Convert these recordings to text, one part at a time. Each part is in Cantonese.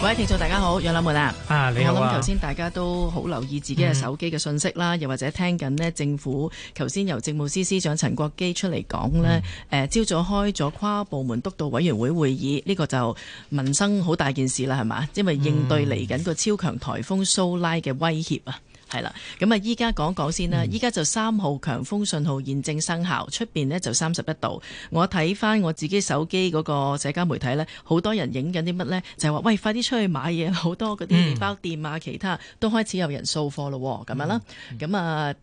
喂，各位聽眾大家好，楊立文啊，啊你好啊，我諗頭先大家都好留意自己嘅手機嘅信息啦，嗯、又或者聽緊政府頭先由政務司司長陳國基出嚟講呢，誒朝、嗯呃、早開咗跨部門督導委員會會議，呢、這個就民生好大件事啦，係嘛？因為應對嚟緊個超強台風蘇、嗯、拉嘅威脅啊！係啦，咁啊，依家講講先啦。依家就三號強風信號現正生效，出、嗯、面呢就三十一度。我睇翻我自己手機嗰個社交媒體呢，好多人影緊啲乜呢？就係、是、話喂，快啲出去買嘢，好多嗰啲麵包店啊，其他都開始有人掃貨咯，咁、嗯、樣啦。咁啊、嗯，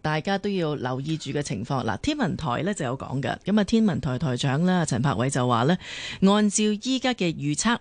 大家都要留意住嘅情況。嗱，天文台呢就有講㗎。咁啊，天文台台長啦陳柏偉就話呢，按照依家嘅預測。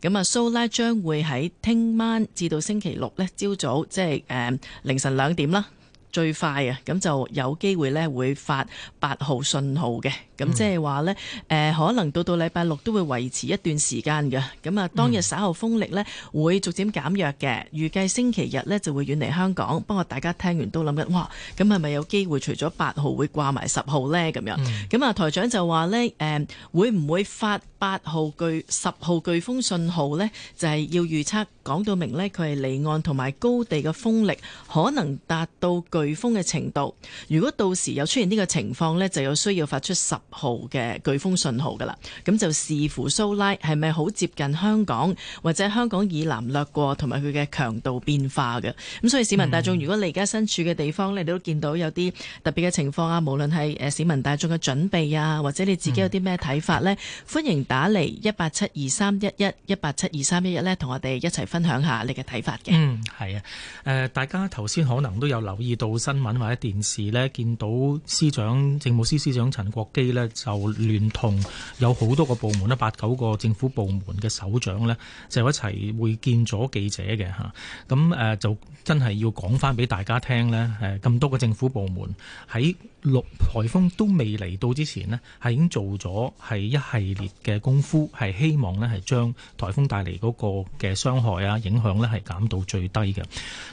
咁啊，蘇拉將會喺聽晚至到星期六咧，朝早即係誒凌晨兩點啦，最快啊，咁就有機會咧會發八號信號嘅。咁、嗯、即係話呢，可能到到禮拜六都會維持一段時間嘅。咁啊，當日稍後風力呢會逐漸減弱嘅。預計星期日呢就會遠離香港。不過大家聽完都諗緊，哇！咁係咪有機會除咗八號會掛埋十號呢？咁、嗯、樣咁啊，台長就話呢，誒、呃、會唔會發八號巨十號颶風信號呢？就係、是、要預測講到明呢，佢係離岸同埋高地嘅風力可能達到颶風嘅程度。如果到時有出現呢個情況呢，就有需要發出十號嘅颶風信號噶啦，咁就視乎蘇拉係咪好接近香港或者香港以南掠過，同埋佢嘅強度變化嘅。咁所以市民大眾，如果你而家身處嘅地方，你都見到有啲特別嘅情況啊，無論係誒市民大眾嘅準備啊，或者你自己有啲咩睇法呢？嗯、歡迎打嚟一八七二三一一一八七二三一一呢，同我哋一齊分享下你嘅睇法嘅。嗯，係啊，誒、呃，大家頭先可能都有留意到新聞或者電視呢，見到司長政務司司長陳國基呢。就聯同有好多個部門咧，八九個政府部門嘅首長咧，就一齊會見咗記者嘅吓。咁誒，就真係要講翻俾大家聽咧，誒，咁多個政府部門喺。六颱風都未嚟到之前呢，係已經做咗係一系列嘅功夫，係希望呢係將颱風帶嚟嗰個嘅傷害啊、影響呢係減到最低嘅。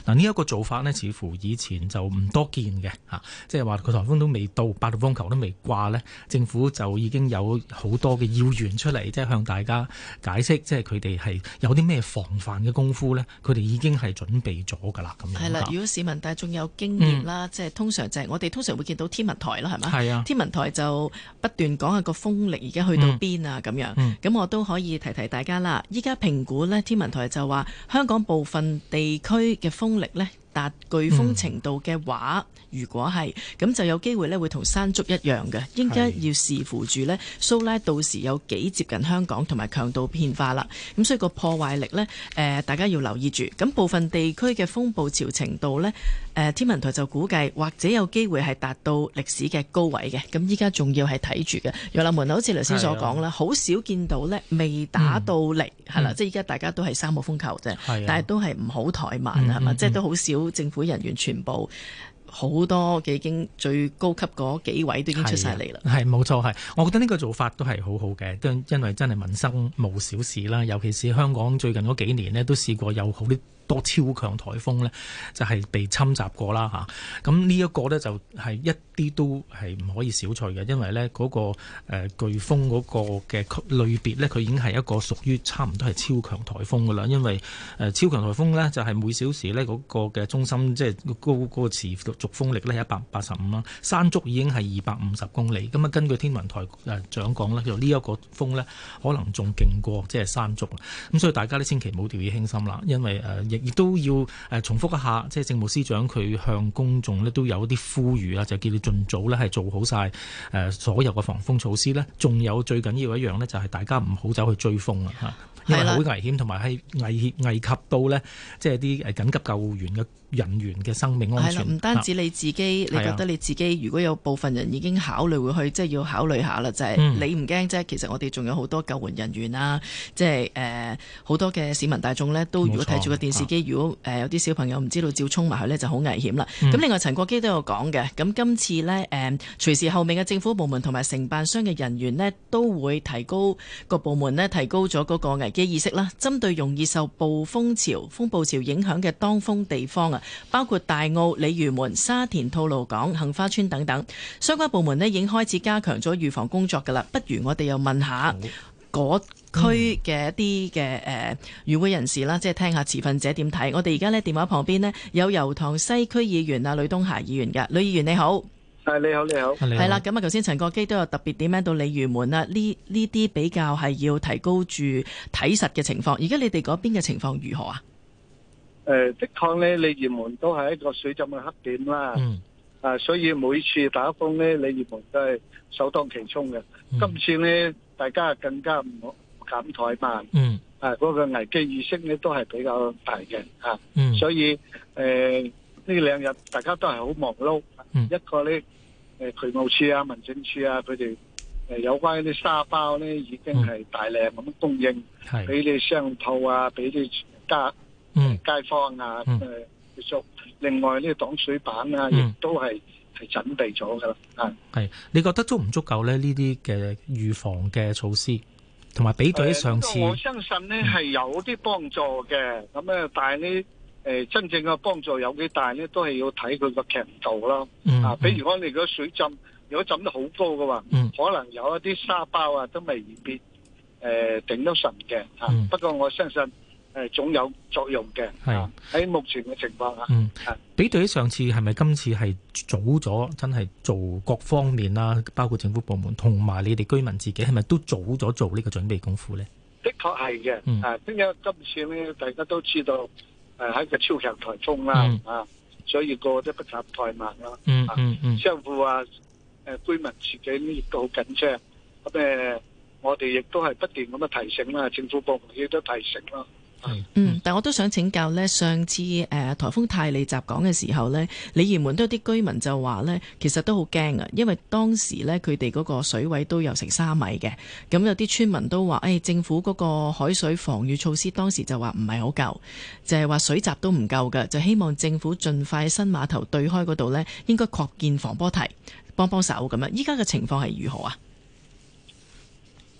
嗱，呢一個做法呢，似乎以前就唔多見嘅吓，即係話佢颱風都未到，八六風球都未掛呢，政府就已經有好多嘅要員出嚟，即係向大家解釋，即係佢哋係有啲咩防範嘅功夫呢，佢哋已經係準備咗㗎啦。咁樣係啦，如果市民但係仲有經驗啦，嗯、即係通常就係我哋通常會見到。天文台係嘛？啊嗯、天文台就不斷講下個風力而家去到邊啊，咁樣。咁我都可以提提大家啦。依家評估呢，天文台就話香港部分地區嘅風力呢，達颶風程度嘅話。嗯如果係咁，就有機會咧，會同山竹一樣嘅，應該要視乎住呢蘇拉到時有幾接近香港同埋強度變化啦。咁所以個破壞力呢，呃、大家要留意住。咁部分地區嘅風暴潮程度呢、呃，天文台就估計或者有機會係達到歷史嘅高位嘅。咁依家仲要係睇住嘅。楊立門好似頭先所講啦，好、啊、少見到呢未打到嚟係啦。即係依家大家都係三個風球啫，啊、但係都係唔好怠慢係嘛？即都好少政府人員全部。好多嘅已經最高級嗰幾位都已經出晒嚟啦，係，啊，冇錯，係。我覺得呢個做法都係好好嘅，因因為真係民生無小事啦，尤其是香港最近嗰幾年呢，都試過有好啲。多超強台風咧，就係被侵襲過啦吓，咁呢一個咧，就係一啲都係唔可以小除嘅，因為咧嗰個誒颶風嗰個嘅類別咧，佢已經係一個屬於差唔多係超強台風噶啦。因為誒超強台風咧，就係每小時咧嗰個嘅中心即係高嗰個持續風力咧一百八十五啦，山竹已經係二百五十公里。咁啊，根據天文台誒長講咧，就呢一個風咧可能仲勁過即係山竹。咁所以大家咧千祈唔好掉以輕心啦，因為誒。亦都要誒重複一下，即係政務司長佢向公眾咧都有啲呼籲啦，就叫你盡早咧係做好晒誒所有嘅防風措施咧。仲有最緊要的一樣咧，就係大家唔好走去追風啦！嚇，因為好危險，同埋係危險危及到咧，即係啲誒緊急救援嘅人員嘅生命安全係啦，唔單止你自己，啊、你覺得你自己如果有部分人已經考慮會去，即、就、係、是、要考慮一下啦，就係、是、你唔驚啫。嗯、其實我哋仲有好多救援人員啦，即係誒好多嘅市民大眾呢，都如果睇住個電視機，如果有啲小朋友唔知道照衝埋去呢，就好危險啦。咁、嗯、另外陳國基都有講嘅，咁今次呢，誒、呃，隨時後面嘅政府部門同埋承辦商嘅人員呢，都會提高各部門呢，提高咗嗰個危機意識啦。針對容易受暴風潮、風暴潮影響嘅當風地方啊。包括大澳、鯉魚門、沙田吐露港、杏花邨等等，相關部門咧，已經開始加強咗預防工作噶啦。不如我哋又問一下嗰區嘅一啲嘅誒，漁會人士啦，即係、呃呃、聽下持份者點睇。我哋而家呢電話旁邊呢，有油塘西區議員啊，呂東孩議員噶，呂議員你好，係你好你好，係啦。咁啊，頭先陳國基都有特別點名到鯉魚門啦，呢呢啲比較係要提高住睇實嘅情況。而家你哋嗰邊嘅情況如何啊？誒的確咧，鯉魚門都係一個水浸嘅黑點啦。嗯。啊，所以每次打風咧，鯉魚門都係首當其衝嘅。今次咧，大家更加唔敢怠慢。嗯。啊，嗰個危機意識咧都係比較大嘅嚇。嗯。所以誒呢兩日大家都係好忙碌。嗯。一個咧誒，渠務處啊、民政處啊，佢哋誒有關嗰啲沙包咧已經係大量咁供應，係俾你商鋪啊，俾啲加。嗯，街坊啊，嗯，束、呃。另外呢個擋水板啊，亦、嗯、都係係準備咗噶啦，啊，係你覺得足唔足夠咧？呢啲嘅預防嘅措施，同埋比對上次，呃這個，我相信咧係有啲幫助嘅，咁咧，嗯，但係呢，誒、呃，真正嘅幫助有幾大咧，都係要睇佢個強度咯。嗯嗯，啊，比如講你如果水浸，如果浸得好高嘅話，嗯，可能有一啲沙包啊都未必誒頂得順嘅。嗯，不過我相信。誒，總有作用嘅。係喺、啊、目前嘅情況啊，嗯，係是比對上次係咪今次係早咗？真係做各方面啦、啊，包括政府部門同埋你哋居民自己，係咪都早咗做呢個準備功夫咧？的確係嘅，嗯、啊，因為今次咧，大家都知道係一個超強颱風啦、啊，嗯、啊，所以個都不敢怠慢啦，嗯嗯嗯，商戶啊，誒、呃，居民自己亦都好緊張，咁誒、呃，我哋亦都係不斷咁樣提醒啦，政府部門亦都提醒啦。嗯，但我都想請教呢，上次、呃、颱風泰利襲港嘅時候呢，鯉魚門都有啲居民就話呢，其實都好驚嘅，因為當時呢，佢哋嗰個水位都有成三米嘅，咁有啲村民都話，誒、哎、政府嗰個海水防御措施當時就話唔係好夠，就係、是、話水閘都唔夠嘅，就希望政府盡快新碼頭對開嗰度呢，應該擴建防波堤，幫幫手咁啊！依家嘅情況係如何啊？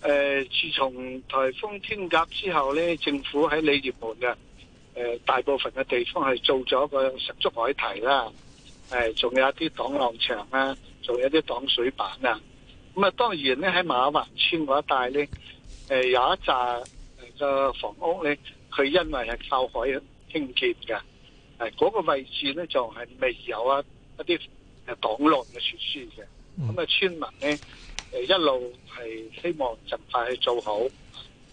誒、呃，自從颱風天鴿之後咧，政府喺鯉魚門嘅、誒、呃、大部分嘅地方係做咗個石屎海堤啦，係、呃、仲有啲擋浪牆啊，仲有啲擋水板啊。咁、嗯、啊，當然咧，喺馬環村嗰一帶咧，誒、呃、有一紮個房屋咧，佢因為係靠海興建嘅，誒、呃、嗰、那個位置咧，就係、是、未有一一啲擋浪嘅設施嘅，咁啊村民咧。嗯誒，一路係希望盡快去做好，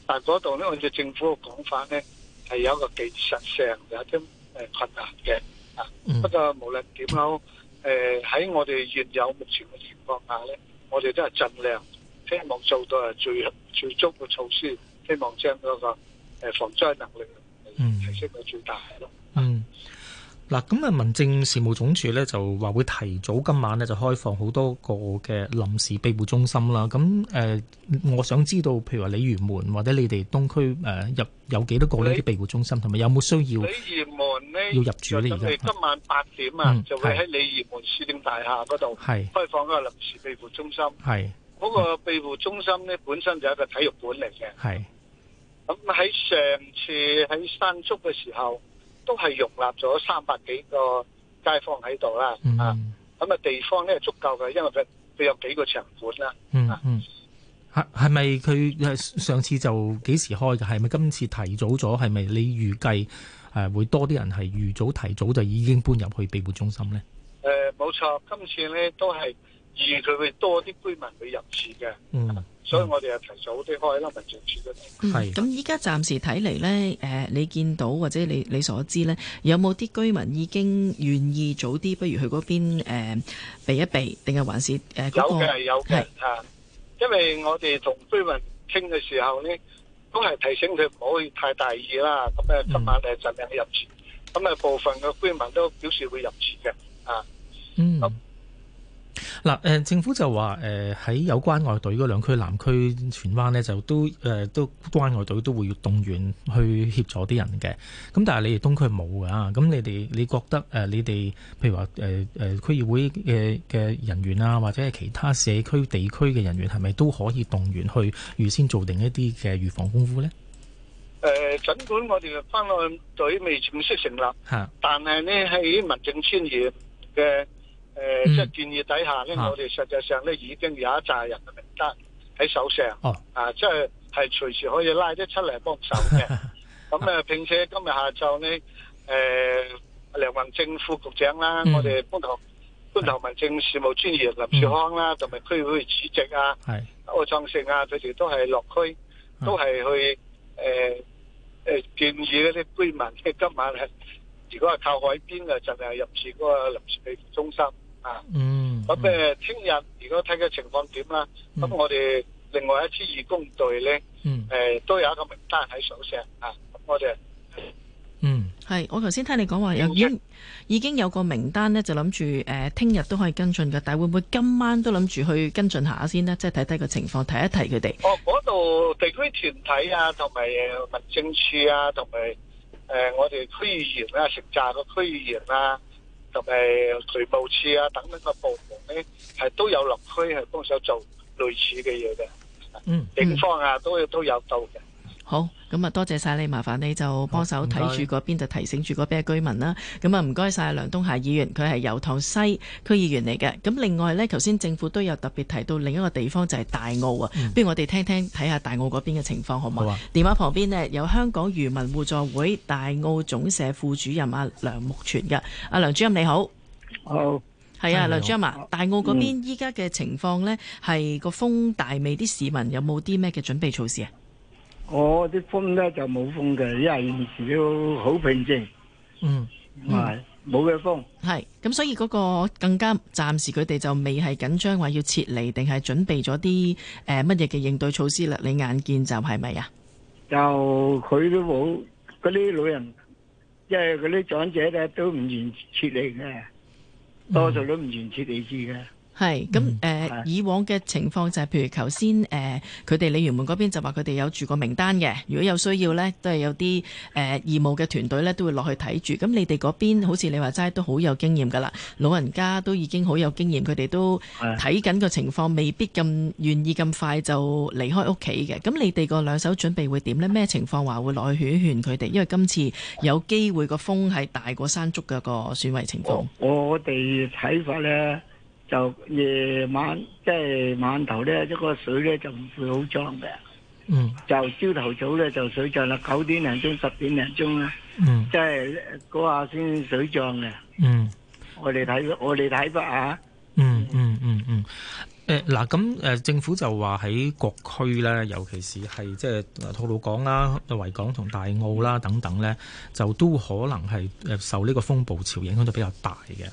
但係嗰度咧，按照政府嘅講法咧，係有一個技術上有一啲誒困難嘅啊。不過無論點樣，誒、呃、喺我哋現有目前嘅情況下咧，我哋都係盡量希望做到係最最足嘅措施，希望將嗰個誒防災能力提升到最大咯。嗱，咁啊，民政事務總署咧就話會提早今晚咧就開放好多個嘅臨時庇護中心啦。咁誒、呃，我想知道，譬如話鯉魚門或者你哋東區誒、呃、入有幾多個呢啲庇護中心，同埋有冇需要？喺鯉魚門咧要入住咧，而家。今晚八點啊，就會喺鯉魚門市政大廈嗰度開放一個臨時庇護中心。係嗰是個庇護中心咧，本身就係一個體育館嚟嘅。係咁喺上次喺山竹嘅時候。都係容納咗三百幾個街坊喺度啦，嗯、啊，咁啊，地方咧足夠嘅，因為佢佢有幾個場館啦，嗯嗯、啊，係係咪佢上次就幾時開嘅？係咪今次提早咗？係咪你預計誒、呃、會多啲人係預早提早就已經搬入去庇護中心咧？誒、呃，冇錯，今次咧都係預佢會多啲居民去入住嘅，嗯。啊所以我哋又提早啲開啦，民政處嗰度。咁，依家暫時睇嚟咧，誒、呃，你見到或者你你所知咧，有冇啲居民已經願意早啲，不如去嗰邊、呃、避一避，定係還是誒、呃那個？有嘅係有嘅，係是、啊、因為我哋同居民傾嘅時候咧，都係提醒佢唔好太大意啦。咁啊，啊，今晚誒儘量去入住。咁、嗯、啊，部分嘅居民都表示會入住嘅。啊，嗯。啊嗱，誒、呃，政府就話，誒、呃，喺有關愛隊嗰兩區，南區、荃灣呢，就都，誒、呃，都關愛隊都會動員去協助啲人嘅。咁但係你哋東區冇㗎，咁你哋，你覺得，誒、呃，你哋，譬如話，誒、呃，誒，區議會嘅嘅人員啊，或者係其他社區地區嘅人員，係咪都可以動員去預先做定一啲嘅預防功夫呢？誒、呃，盡管我哋嘅關愛隊未正式成立，吓的，但係呢，喺民政專員嘅。誒，即係建議底下咧，我哋實際上咧已經有一紮人嘅名單喺手上，啊，即係係隨時可以拉啲出嚟幫手嘅。咁啊，並且今日下晝呢，誒，梁宏正副局長啦，我哋觀塘觀塘民政事務專員林樹康啦，同埋區會主席啊，柯創盛啊，佢哋都係落區，都係去誒誒建議嗰啲居民咧，今晚係如果係靠海邊嘅，盡量入住嗰個臨時庇護中心。啊、嗯，嗯，咁誒，聽日如果睇個情況點啦，咁、嗯、我哋另外一支義工隊咧，誒、嗯呃，都有一個名單喺手上，啊，咁我哋。嗯，係，我頭先聽你講話一已經已經有個名單咧，就諗住誒，聽日都可以跟進嘅，但係會唔會今晚都諗住去跟進下先呢？即係睇睇個情況，提一提佢哋。哦，嗰度地區團體啊，同埋民政處啊，同埋誒，我哋區議員啊，食雜嘅區議員啊。就係財務處啊，等等個部門咧，都有落區，係幫手做類似嘅嘢嘅，嗯嗯、警方啊，都都有做嘅。好，咁啊，多謝晒你，麻煩你就幫手睇住嗰邊，謝謝就提醒住嗰邊嘅居民啦。咁啊，唔該晒呂東孩議員，佢係油塘西區議員嚟嘅。咁另外呢，頭先政府都有特別提到另一個地方就係大澳啊。嗯、不如我哋聽聽睇下大澳嗰邊嘅情況，好唔好？好啊。電話旁邊呢，有香港漁民互助社大澳總社副主任阿梁木全嘅。阿梁主任你好。好。係啊，梁主任，大澳嗰邊依家嘅情況呢，係個、嗯、風大未？啲市民有冇啲咩嘅準備措施啊？我啲風咧就冇風嘅，因為現時都好平靜，嗯，嗯，唔係冇嘅風。係咁，所以嗰個更加暫時佢哋就未係緊張話要撤離，定係準備咗啲誒乜嘢嘅應對措施啦？你眼見就係咪啊？就佢都冇嗰啲老人，即係嗰啲長者咧都唔願撤離嘅，多數都唔願撤離住嘅。嗯。係，咁誒、呃嗯、以往嘅情況就係、是，譬如頭先誒佢哋鯉魚門嗰邊就話佢哋有住過名單嘅，如果有需要有、呃、呢，都係有啲誒義務嘅團隊呢都會落去睇住。咁你哋嗰邊好似你話齋都好有經驗㗎啦，老人家都已經好有經驗，佢哋都睇緊個情況，是未必咁願意咁快就離開屋企嘅。咁你哋個兩手準備會點呢？咩情況話會落去勸勸佢哋？因為今次有機會個風係大過山竹嘅個損位情況。我哋睇法呢。就夜晚即係晚頭咧，一個水咧就唔會好漲嘅。嗯，就朝頭早咧就水漲啦，九點零鐘、十點零鐘啦。嗯，即係嗰下先水漲嘅。嗯，我哋睇，我哋睇法吓。嗯嗯嗯嗯。誒嗱，咁、嗯、政府就話喺各區咧，尤其是係即係吐露港啦、維港同大澳啦等等咧，就都可能係受呢個風暴潮影響都比較大嘅。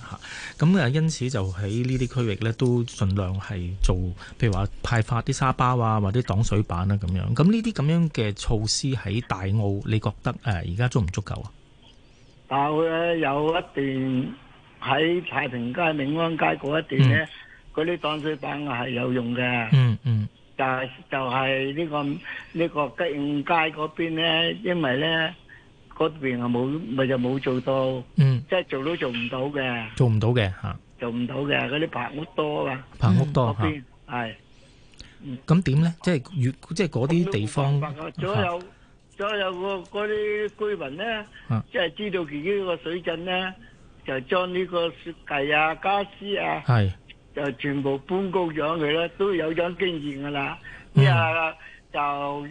咁因此就喺呢啲區域咧，都盡量係做，譬如話派發啲沙包啊，或者擋水板啊咁樣。咁呢啲咁樣嘅措施喺大澳，你覺得誒而家足唔足夠啊？大澳咧有一段喺太平街、永安街嗰一段咧。嗯嗰啲擋水板係有用嘅，嗯嗯，但係就係呢個呢個吉應街嗰邊咧，因為咧嗰邊係冇，咪就冇做到，嗯，即係做都做唔到嘅，做唔到嘅，吓，做唔到嘅嗰啲棚屋多啊，棚屋多吓，係，咁點咧？即係越即係嗰啲地方，吓，所有所有個嗰啲居民咧，啊，即係知道自己個水浸咧，就將呢個雪櫃啊、家私啊，係。就全部搬高咗佢啦，都有咗經驗噶啦。之後啦，就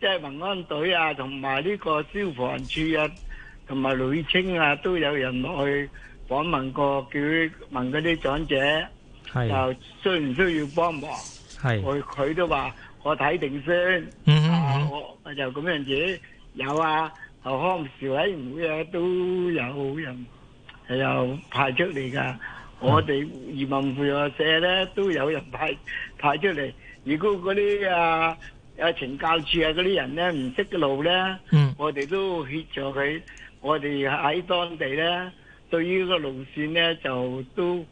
即係民安隊啊，同埋呢個消防處啊，同埋女青啊，都有人落去訪問過，叫佢問嗰啲長者，就需唔需要幫忙？係，佢都話我睇定先。嗯哼，我就咁樣子。有啊，同康兆委員會啊，都有人係有派出嚟噶。我哋漁民互助社咧都有人派、派出嚟。如果嗰啲啊、啊懲教署啊嗰啲人咧唔識嘅路咧，嗯，我哋都協助佢。我哋喺當地咧，對於個路線咧就都、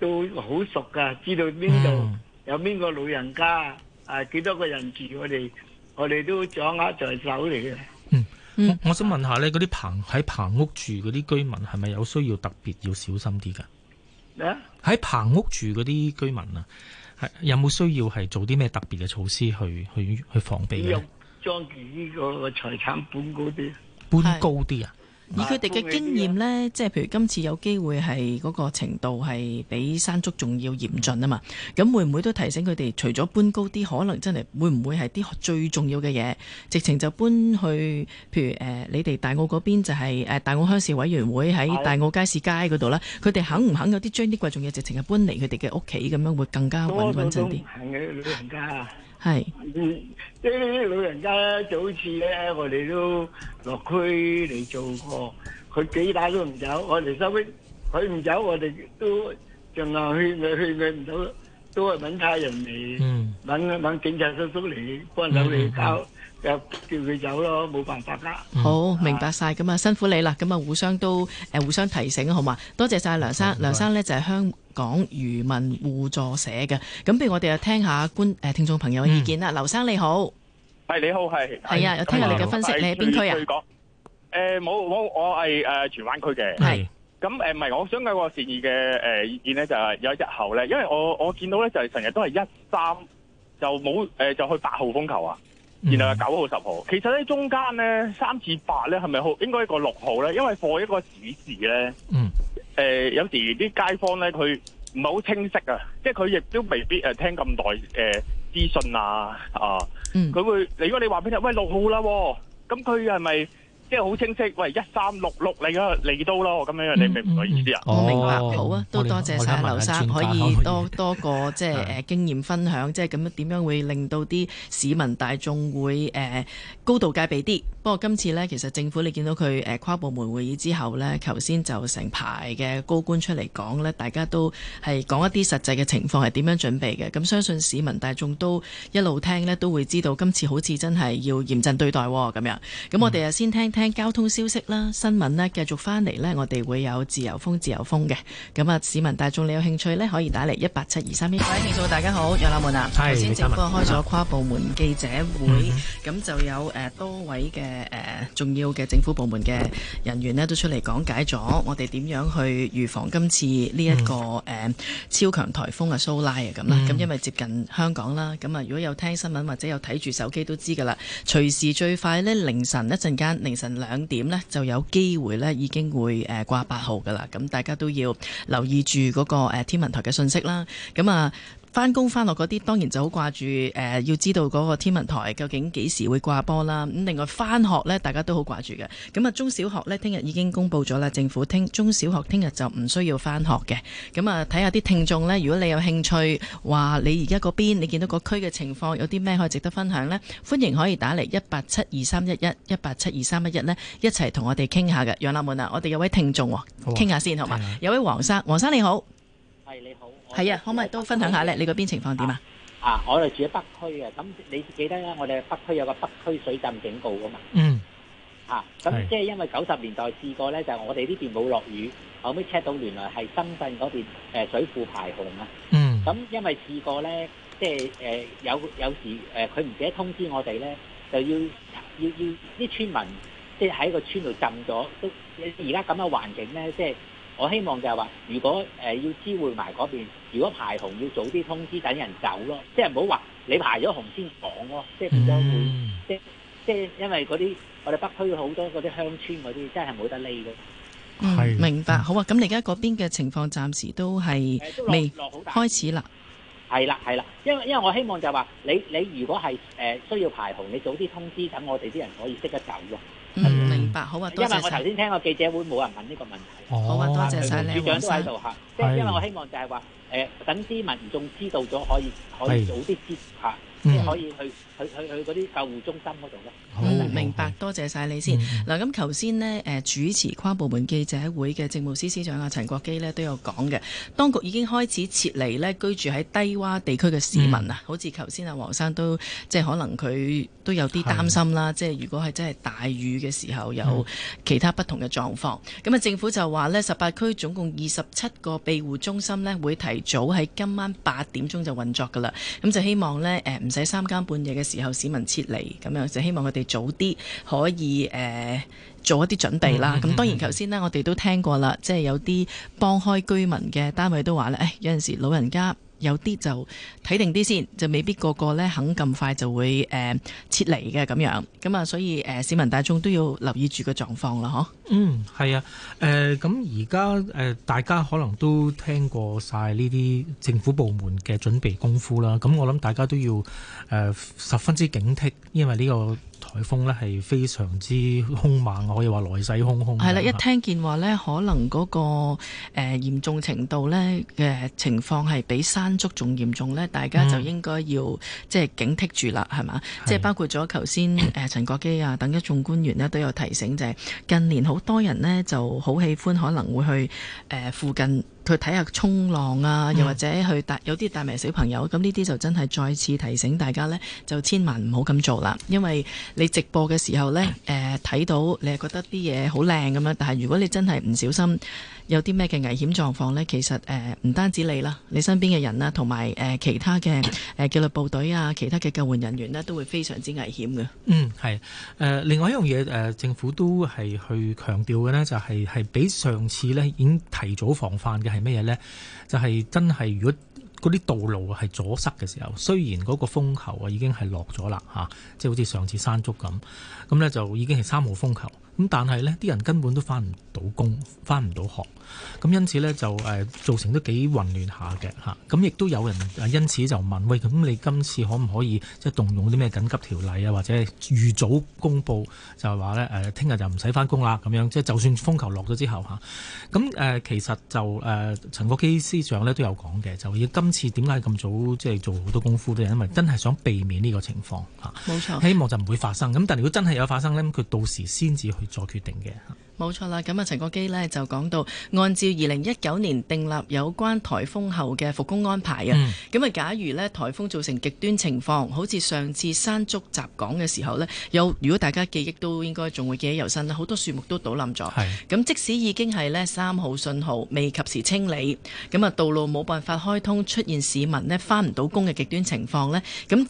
都好熟噶，知道邊度、嗯、有邊個老人家啊，幾、呃、多個人住我、，我哋我哋都掌握在手嚟嘅。嗯，我、，我想問下咧，嗰啲棚、喺棚屋住嗰啲居民，係咪有需要特別要小心啲噶？喺棚屋住啲居民啊，係有冇需要係做啲咩特別嘅措施去去去防備咧？裝住依個個財產搬高啲搬高啲，搬高啲啊！嗯、以佢哋嘅經驗呢，即係、啊、譬如今次有機會係嗰個程度係比山竹仲要嚴峻啊嘛，咁會唔會都提醒佢哋，除咗搬高啲，可能真係會唔會係啲最重要嘅嘢，直情就搬去譬如誒、呃、你哋大澳嗰邊、就係，就係誒大澳鄉事委員會喺大澳街市街嗰度啦，佢哋肯唔肯有啲將啲貴重嘢直情係搬嚟佢哋嘅屋企咁樣，會更加穩穩陣啲。人家。係，即係呢啲老人家咧，就好似咧，我哋都落區嚟做過，佢幾大都唔走，我哋收尾，佢唔走，我哋都盡量勸佢，勸佢唔走，都係揾差人嚟，揾揾、嗯、警察叔叔嚟幫手嚟搞。又叫佢走咯，冇辦法啦。好，明白晒。咁啊，辛苦你啦。咁啊，互相都誒互相提醒好嘛？多謝晒梁生，梁生咧就係香港漁民互助社嘅。咁，不如我哋啊聽下觀誒聽眾朋友嘅意見啦。劉生你好，係你好係係啊，聽下你嘅分析，你喺邊區啊？誒，冇冇，我係誒荃灣區嘅。係咁誒，唔係我想講個善意嘅誒意見咧，就係有一日後咧，因為我我見到咧就係成日都係一三，就冇誒就去八號風球啊。嗯、然後九號十號，其實咧中間咧三至八咧係咪好應該一個六號咧？因為貨一個指示咧、嗯呃，有時啲街坊咧佢唔係好清晰啊，即係佢亦都未必誒、呃、聽咁耐誒資訊啊啊，佢、啊、會你、嗯、如果你話俾人喂六號啦、哦，咁佢係咪？即係好清晰，喂一三六六你嗰個利刀咯，咁樣你明唔明意思啊？我、嗯嗯哦、明白，好啊，都多謝晒劉生可,可以多多個即係、就是、的經驗分享，即係咁樣點樣會令到啲市民大眾會誒高度戒備啲。不過今次呢，其實政府你見到佢誒跨部門會議之後呢，頭先就成排嘅高官出嚟講呢，大家都係講一啲實際嘅情況係點樣準備嘅。咁相信市民大眾都一路聽呢，都會知道今次好似真係要嚴陣對待喎咁樣。咁我哋啊先聽。聽交通消息啦，新聞呢繼續翻嚟呢。我哋會有自由風，自由風嘅。咁啊，市民大眾你有興趣呢？可以打嚟一八七二三一。各位聽眾大家好，楊立文啊，頭先政府開咗跨部門記者會，咁 Hi. 就有誒、呃、多位嘅誒、呃、重要嘅政府部門嘅人員呢都出嚟講解咗我哋點樣去預防今次呢、這、一個誒、mm. 呃、超強台風嘅蘇拉啊咁啦。咁、so like, mm. 因為接近香港啦，咁啊如果有聽新聞或者有睇住手機都知噶啦，隨時最快呢凌晨一陣間凌晨，兩點呢就有機會咧已經會誒掛八號㗎喇，咁大家都要留意住嗰個誒天文台嘅信息啦，咁啊。翻工翻落嗰啲當然就好掛住，誒、呃、要知道嗰個天文台究竟幾時會掛波啦。咁另外翻學呢，大家都好掛住嘅。咁啊中小學呢，聽日已經公布咗啦。政府聽中小學聽日就唔需要翻學嘅。咁啊睇下啲聽眾呢，如果你有興趣話，你而家嗰邊你見到個區嘅情況有啲咩可以值得分享呢？歡迎可以打嚟一八七二三一一一八七二三一一呢，一齊同我哋傾下嘅。楊立滿啊，我哋有位聽眾傾下先，好嘛、啊？好吧有位黃生，黃生你好。係你好，係啊，可唔可以都分享下咧？你嗰邊情況點啊？啊，我哋住喺北區嘅，咁你記得咧，我哋北區有個北區水浸警告噶嘛？嗯，吓，咁即係因為九十年代試過咧，就我哋呢邊冇落雨，後尾 check 到原來係深圳嗰邊誒水庫排洪啊。嗯，咁因為試過咧，即係誒有有時誒，佢唔記得通知我哋咧，就要要要啲村民即係喺個村度浸咗，都而家咁嘅環境咧，即係。我希望就係話，如果、呃、要支援埋嗰邊，如果排洪要早啲通知，等人走咯，即係唔好話你排咗洪先講咯，即係唔咗會，即係因為嗰啲、mm. 我哋北區好多嗰啲鄉村嗰啲真係冇得匿嘅。是明白，好啊，咁你而家嗰邊嘅情況暫時都係未、呃、開始啦。係啦，係啦，因為因為我希望就係話，你你如果係、呃、需要排洪，你早啲通知，等我哋啲人可以識得走咯。嗯，明白，好啊，多因為我頭先聽過記者會，冇人問呢個問題。好啊、哦，他多謝曬你，署長都喺度吓。即係因為我希望就係話，誒、呃、等啲民眾知道咗，可以可以早啲知吓。嗯、可以去去去啲救護中心嗰度好明白，明白多謝晒你先。嗱、嗯，咁頭先呢、呃，主持跨部門記者會嘅政務司司長阿、啊、陳國基呢，都有講嘅，當局已經開始撤離呢居住喺低窪地區嘅市民、嗯、像啊。好似頭先阿黃生都即係可能佢都有啲擔心啦，是的即係如果係真係大雨嘅時候有其他不同嘅狀況。咁啊、嗯，政府就話呢，十八區總共二十七個庇護中心呢，會提早喺今晚八點鐘就運作㗎啦。咁就希望呢，呃唔使三更半夜嘅時候，市民撤離，咁樣就希望佢哋早啲可以誒、呃、做一啲準備啦。咁當然頭先呢，我哋都聽過啦，即係有啲幫開居民嘅單位都話咧，誒有陣時老人家。有啲就睇定啲先，就未必個個呢肯咁快就會誒撤離嘅咁樣，咁啊，所以誒市民大眾都要留意住個狀況啦。嗬。嗯，係啊，誒、呃，咁而家誒，大家可能都聽過晒呢啲政府部門嘅準備功夫啦，咁我諗大家都要誒十分之警惕，因為呢、這個。颱風呢係非常之兇猛，我可以話來勢洶洶。係啦，一聽見話呢可能嗰、那個誒、呃、嚴重程度呢嘅情況係比山竹仲嚴重呢，大家就應該要、嗯、即係警惕住啦，係嘛？是即係包括咗頭先誒陳國基啊等一眾官員呢，都有提醒，就係、是、近年好多人呢就好喜歡可能會去誒、呃、附近。去睇下沖浪啊，又或者去大有啲帶埋小朋友，咁呢啲就真係再次提醒大家呢，就千萬唔好咁做啦，因為你直播嘅時候呢，誒、呃、睇到你係覺得啲嘢好靚咁樣，但係如果你真係唔小心。有啲咩嘅危險狀況呢？其實誒唔、呃、單止你啦，你身邊嘅人啦，同埋誒其他嘅誒紀律部隊啊，其他嘅救援人員呢，都會非常之危險嘅。嗯，係誒、呃、另外一樣嘢誒，政府都係去強調嘅呢，就係、是、係比上次呢已經提早防範嘅係乜嘢呢？就係、是、真係如果嗰啲道路係阻塞嘅時候，雖然嗰個風球啊已經係落咗啦嚇，即係好似上次山竹咁，咁呢就已經係三號風球。咁但係呢啲人根本都翻唔到工，翻唔到學，咁因此呢就誒、呃、造成都幾混亂下嘅，咁亦都有人因此就問，喂，咁你今次可唔可以即係動用啲咩緊急條例啊，或者預早公佈就係話呢，誒、呃，聽日就唔使翻工啦咁樣，即係就算風球落咗之後咁、啊呃、其實就誒、呃、陳國基司長呢都有講嘅，就要今次點解咁早即係做好多功夫咧，因為真係想避免呢個情況冇、啊、錯，希望就唔會發生。咁但係如果真係有發生呢佢到時先至去做決定嘅。冇錯啦，咁啊陳國基呢就講到，按照二零一九年訂立有關颱風後嘅復工安排啊，咁啊、嗯、假如呢颱風造成極端情況，好似上次山竹襲港嘅時候呢，有如果大家記憶都應該仲會記憶猶新啦，好多樹木都倒冧咗。咁是即使已經係呢三號信號未及時清理，咁啊道路冇辦法開通，出現市民呢翻唔到工嘅極端情況呢，咁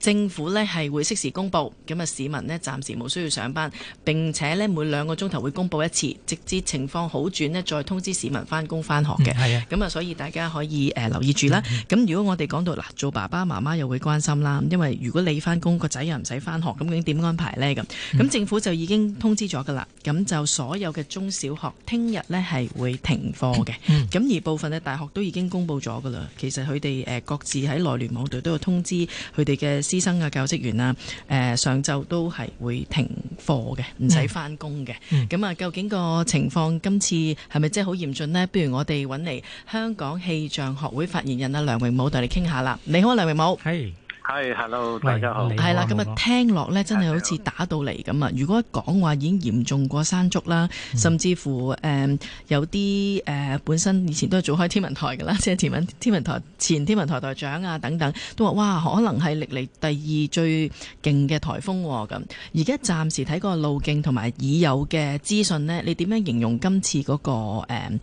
政府呢係會適時公布，咁啊市民呢暫時冇需要上班，並且呢每兩個鐘頭會公布一次，直至情況好轉咧，再通知市民翻工翻學嘅。咁啊、嗯，所以大家可以誒、呃、留意住啦。咁、嗯、如果我哋講到嗱，做爸爸媽媽又會關心啦，因為如果你翻工，個仔又唔使翻學，咁究竟點安排呢？咁咁、嗯、政府就已經通知咗噶啦。咁、嗯、就所有嘅中小學聽日呢係會停課嘅。咁、嗯、而部分嘅大學都已經公布咗噶啦。其實佢哋誒各自喺內聯網度都有通知佢哋嘅師生啊教職員啊。誒、呃、上晝都係會停課嘅，唔使翻工嘅。咁、嗯嗯究竟個情況今次係咪真係好嚴峻呢？不如我哋揾嚟香港氣象學會發言人啊，梁榮武同你傾下啦。你好，梁榮武。Hey. 係，hello，大家好。係啦，咁啊，聽落咧，真係好似打到嚟咁啊！如果講話已經嚴重過山竹啦，甚至乎誒、呃，有啲誒、呃，本身以前都係做開天文台噶啦，即係前文天文台前天文台台長啊等等，都話哇，可能係歷嚟第二最勁嘅台風咁。而家暫時睇個路徑同埋已有嘅資訊呢，你點樣形容今次嗰、那個誒颶、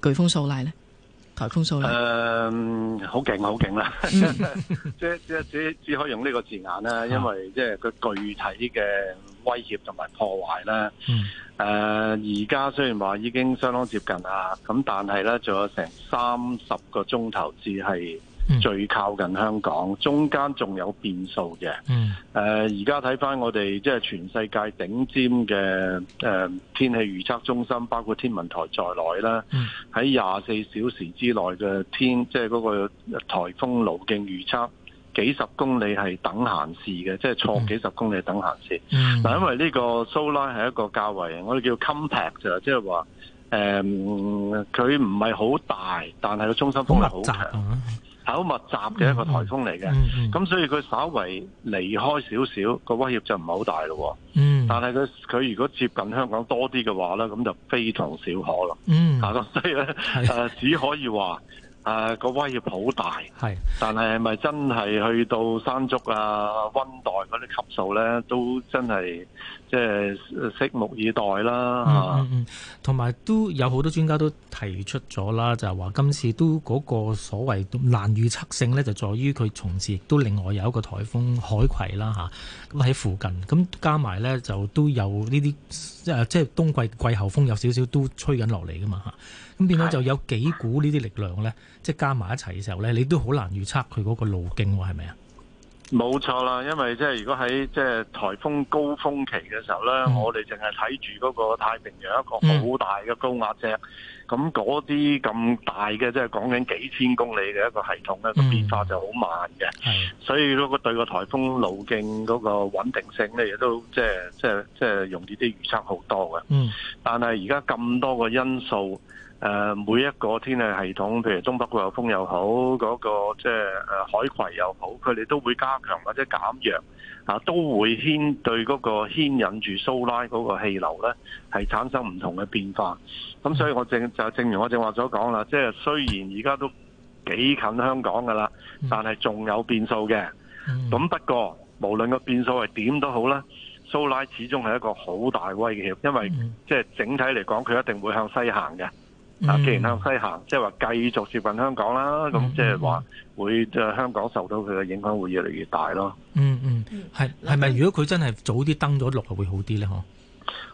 呃、風蘇拉呢？台風誒，好勁好勁啦，即即 只只，只，只可以用呢個字眼啦，因為即係佢具體嘅威脅同埋破壞啦。誒、呃，而家雖然話已經相當接近啊，咁但係咧，仲有成三十個鐘頭至係。Mm. 最靠近香港，中間仲有變數嘅。誒、mm. 呃，而家睇翻我哋即係全世界頂尖嘅誒、呃、天氣預測中心，包括天文台在內啦。喺廿四小時之內嘅天，即係嗰個颱風路徑預測，幾十公里係等閒事嘅，mm. 即係錯幾十公里係等閒事。嗱，mm. 因為呢個蘇拉係一個較為我哋叫 compact 嘅，就即係話誒，佢唔係好大，但係個中心風力好強。嗯嗯係好密集嘅一個台風嚟嘅，咁所以佢稍微離開少少，個威脅就唔係好大咯。嗯，但係佢佢如果接近香港多啲嘅話咧，咁就非同小可咯。嗯，啊咁所以咧，誒、 呃，只可以話。誒，啊嗰個威力好大，係是，但係咪真係去到山竹啊、溫黛嗰啲級數咧，都真係即係拭目以待啦、嗯。嗯嗯嗯，同埋都有好多專家都提出咗啦，就話、是、今次都嗰個所謂難預測性咧，就在於佢同時亦都另外有一個颱風海葵啦，吓，咁喺附近，咁加埋咧就都有呢啲即係冬季季候風有少少都吹緊落嚟噶嘛，吓。咁變咗就有幾股呢啲力量咧，的即係加埋一齊嘅時候咧，你都好難預測佢嗰個路徑喎，係咪啊？冇錯啦，因為即係如果喺即係颱風高峰期嘅時候咧，嗯、我哋淨係睇住嗰個太平洋一個好大嘅高壓脊，咁嗰啲咁大嘅，即係講緊幾千公里嘅一個系統咧，個、嗯、變化就好慢嘅，的所以嗰個對個颱風路徑嗰個穩定性咧，亦都即係即係即係容易啲預測好多嘅。嗯，但係而家咁多個因素。誒每一個天氣系統，譬如東北季候風又好，嗰個即係誒海葵又好，佢哋都會加強或者減弱，啊都會牽對嗰個牽引住蘇拉嗰個氣流咧，係產生唔同嘅變化。咁所以我正就正如我正話所講啦，即係雖然而家都幾近香港噶啦，但係仲有變數嘅。咁不過無論個變數係點都好啦，蘇拉始終係一個好大威脅，因為即係整體嚟講，佢一定會向西行嘅。嗱，嗯、既然向西行，即係話繼續接近香港啦，咁即係話會即係香港受到佢嘅影響會越嚟越大咯、嗯。嗯嗯，係係咪如果佢真係早啲登咗陸，會好啲咧？嗬？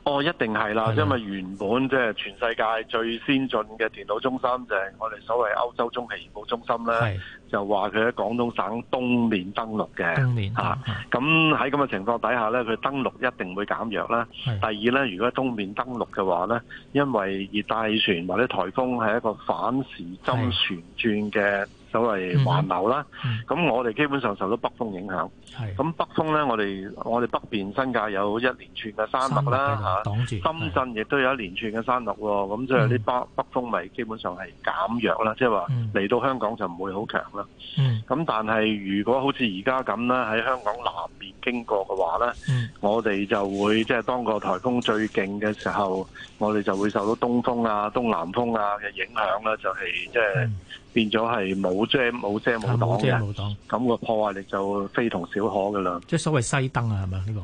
哦，一定係啦，是的因為原本即係全世界最先進嘅電腦中心，就係我哋所謂歐洲中期預報中心咧，的就話佢喺廣東省東面登陸嘅，面吓年，咁喺咁嘅情況底下咧，佢登陸一定會減弱啦。的第二咧，如果喺東面登陸嘅話咧，因為熱帶氣旋或者颱風係一個反時針旋轉嘅。所謂環流啦，咁、嗯嗯、我哋基本上受到北風影響。咁是北風咧，我哋我哋北邊新界有一連串嘅山脈啦，嚇，啊、著深圳亦都有一連串嘅山脈喎。咁即係啲北、嗯、北風咪基本上係減弱啦，即係話嚟到香港就唔會好強啦。咁、嗯、但係如果好似而家咁啦，喺香港南面經過嘅話咧，嗯、我哋就會即係、就是、當個颱風最勁嘅時候，我哋就會受到東風啊、東南風啊嘅影響啦，就係即係。就是嗯變咗係冇遮冇遮冇擋，咁個破壞力就非同小可噶啦、啊 呃。即係所謂西登啊，係咪呢